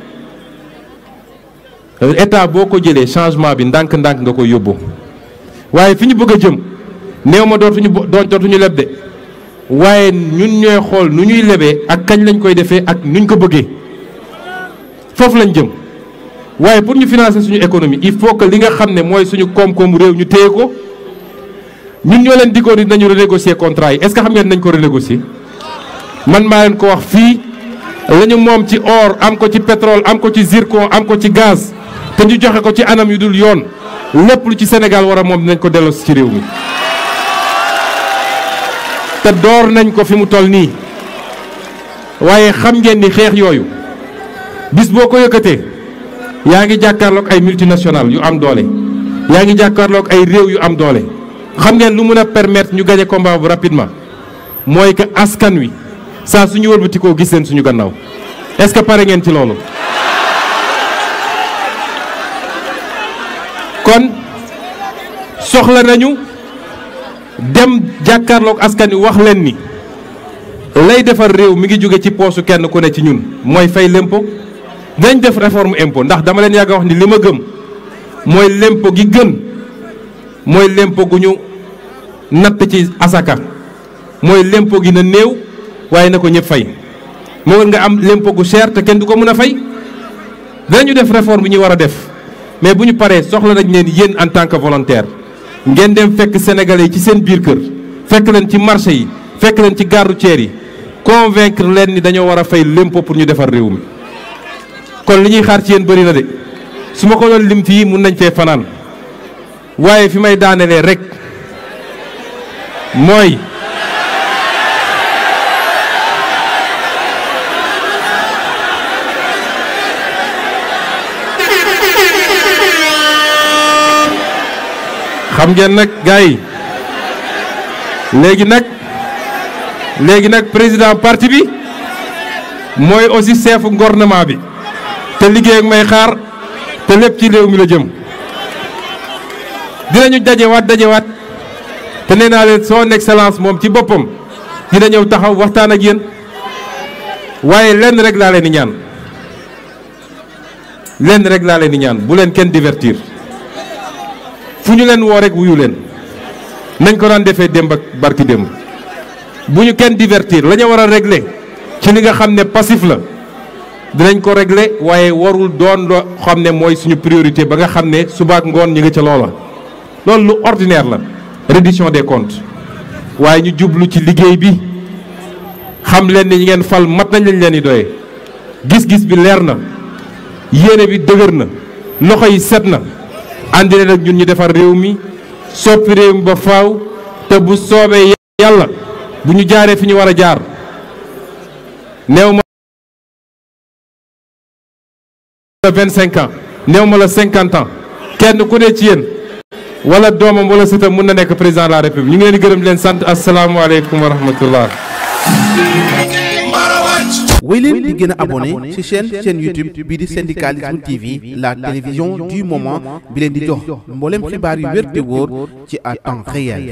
état boo ko jëlee changement bi ndànk-ndànk nga koy yóbbu waaye fi ñu bëgg a jëm néew ma dootuñu doon dootuñu leb de waaye ñun ñooy xool nu ñuy lebee ak kañ lañ koy defee ak nuñ ko bëggee foofu lañ jëm waaye pour ñu finance suñu économie il faut que li nga xam ne mooy suñu koom-koom réew ñu téye ko ñun ñoo leen diggoon ni nañu renégocier contrat yi est-ce que xam ngeen nañ ko renégocier man maa leen ko wax fii la moom ci or am ko ci pétrole am ko ci zircon am ko ci gaz. te ñu joxe ko ci anam yu dul yoon lépp lu ci Sénégal war a moom nañ ko delloo ci réew mi te door nañ ko fi mu toll nii waaye xam ngeen ni xeex yooyu bis boo ko yëkkatee yaa ngi jàkkaarlook ay multinational yu am doole yaa ngi jàkkaarloog ay réew yu am doole xam ngeen lu mën a permettre ñu gagné combat bu rapidement mooy que askan wi saa suñu wëlbatikoo gis leen suñu gannaaw est-ce que pare ngeen ci loolu kon soxla nañu dem jàkkaarloog askan wi wax leen ni lay defar réew mi ngi jóge ci poosu kenn ku ne ci ñun mooy fay lempo dañ def réforme impôt ndax dama leen yàgg a wax ni li ma gëm mooy lempo gi gën mooy lempo gu ñu natt ci asaka mooy lempo gi na néew waaye na ko ñëpp fay moo nga am lempo gu cher te kenn du ko mën a fay dañu def réforme bi ñuy war a def mais bu ñu paree soxla nañ leen yéen en tant que volontaire ngeen dem fekk sénégalais yi ci seen biir kër fekk leen ci marché yi fekk leen ci gàrru routière yi convaincre leen ni dañoo war a fay l'impôt pour ñu defar réew mi kon li ñuy xaar ci yéen bëri na de su ma ko doon lim fii mun nañ fee fanaan waaye fi may daanelee rek mooy xam ngeen nag gars yi léegi nag léegi nag président parti bi mooy aussi chef gouvernement bi te liggéey ak may xaar te lépp ci réew mi la jëm dinañu dajewaat dajewaat te nee naa leen son excellence moom ci boppam dina ñëw taxaw waxtaan ak yéen waaye lenn rek laa leen di ñaan lenn rek laa leen di ñaan bu leen kenn divertir. fu ñu leen woo rek wuyu leen nañ ko daan defee démb ak barki démb bu ñu kenn divertir la ñu war a régler ci li nga xam ne pasif la dinañ ko régler waaye warul doon loo xam ne mooy suñu priorité ba nga xam ne suba ngoon ñu ngi ca loola. lool lu ordinaire la reddition des comptes waaye ñu jublu ci liggéey bi xam leen ni ñu ngeen fal mat nañ lañ leen di doyee gis-gis bi leer na yéene bi dëgër na loxo yi set na. àndi leen ak ñun ñu defar réew mi soppi réew mi ba faaw te bu soobee yàlla bu ñu jaaree fi ñu war a jaar néew ma la vingt cinq ans néew ma la cinquante ans kenn ku ne ci yéen wala doomam wala sëtam mën na nekk président de la république ñu ngi leen di gërëm leen sant asalaamualeykum wa rahmatullah way leen di gën a abonné ci chaîne chaîne YouTube bii di syndicalisme TV la télévision du moment bi leen di jox mbooleem xibaar yu wér wóor ci à temps réel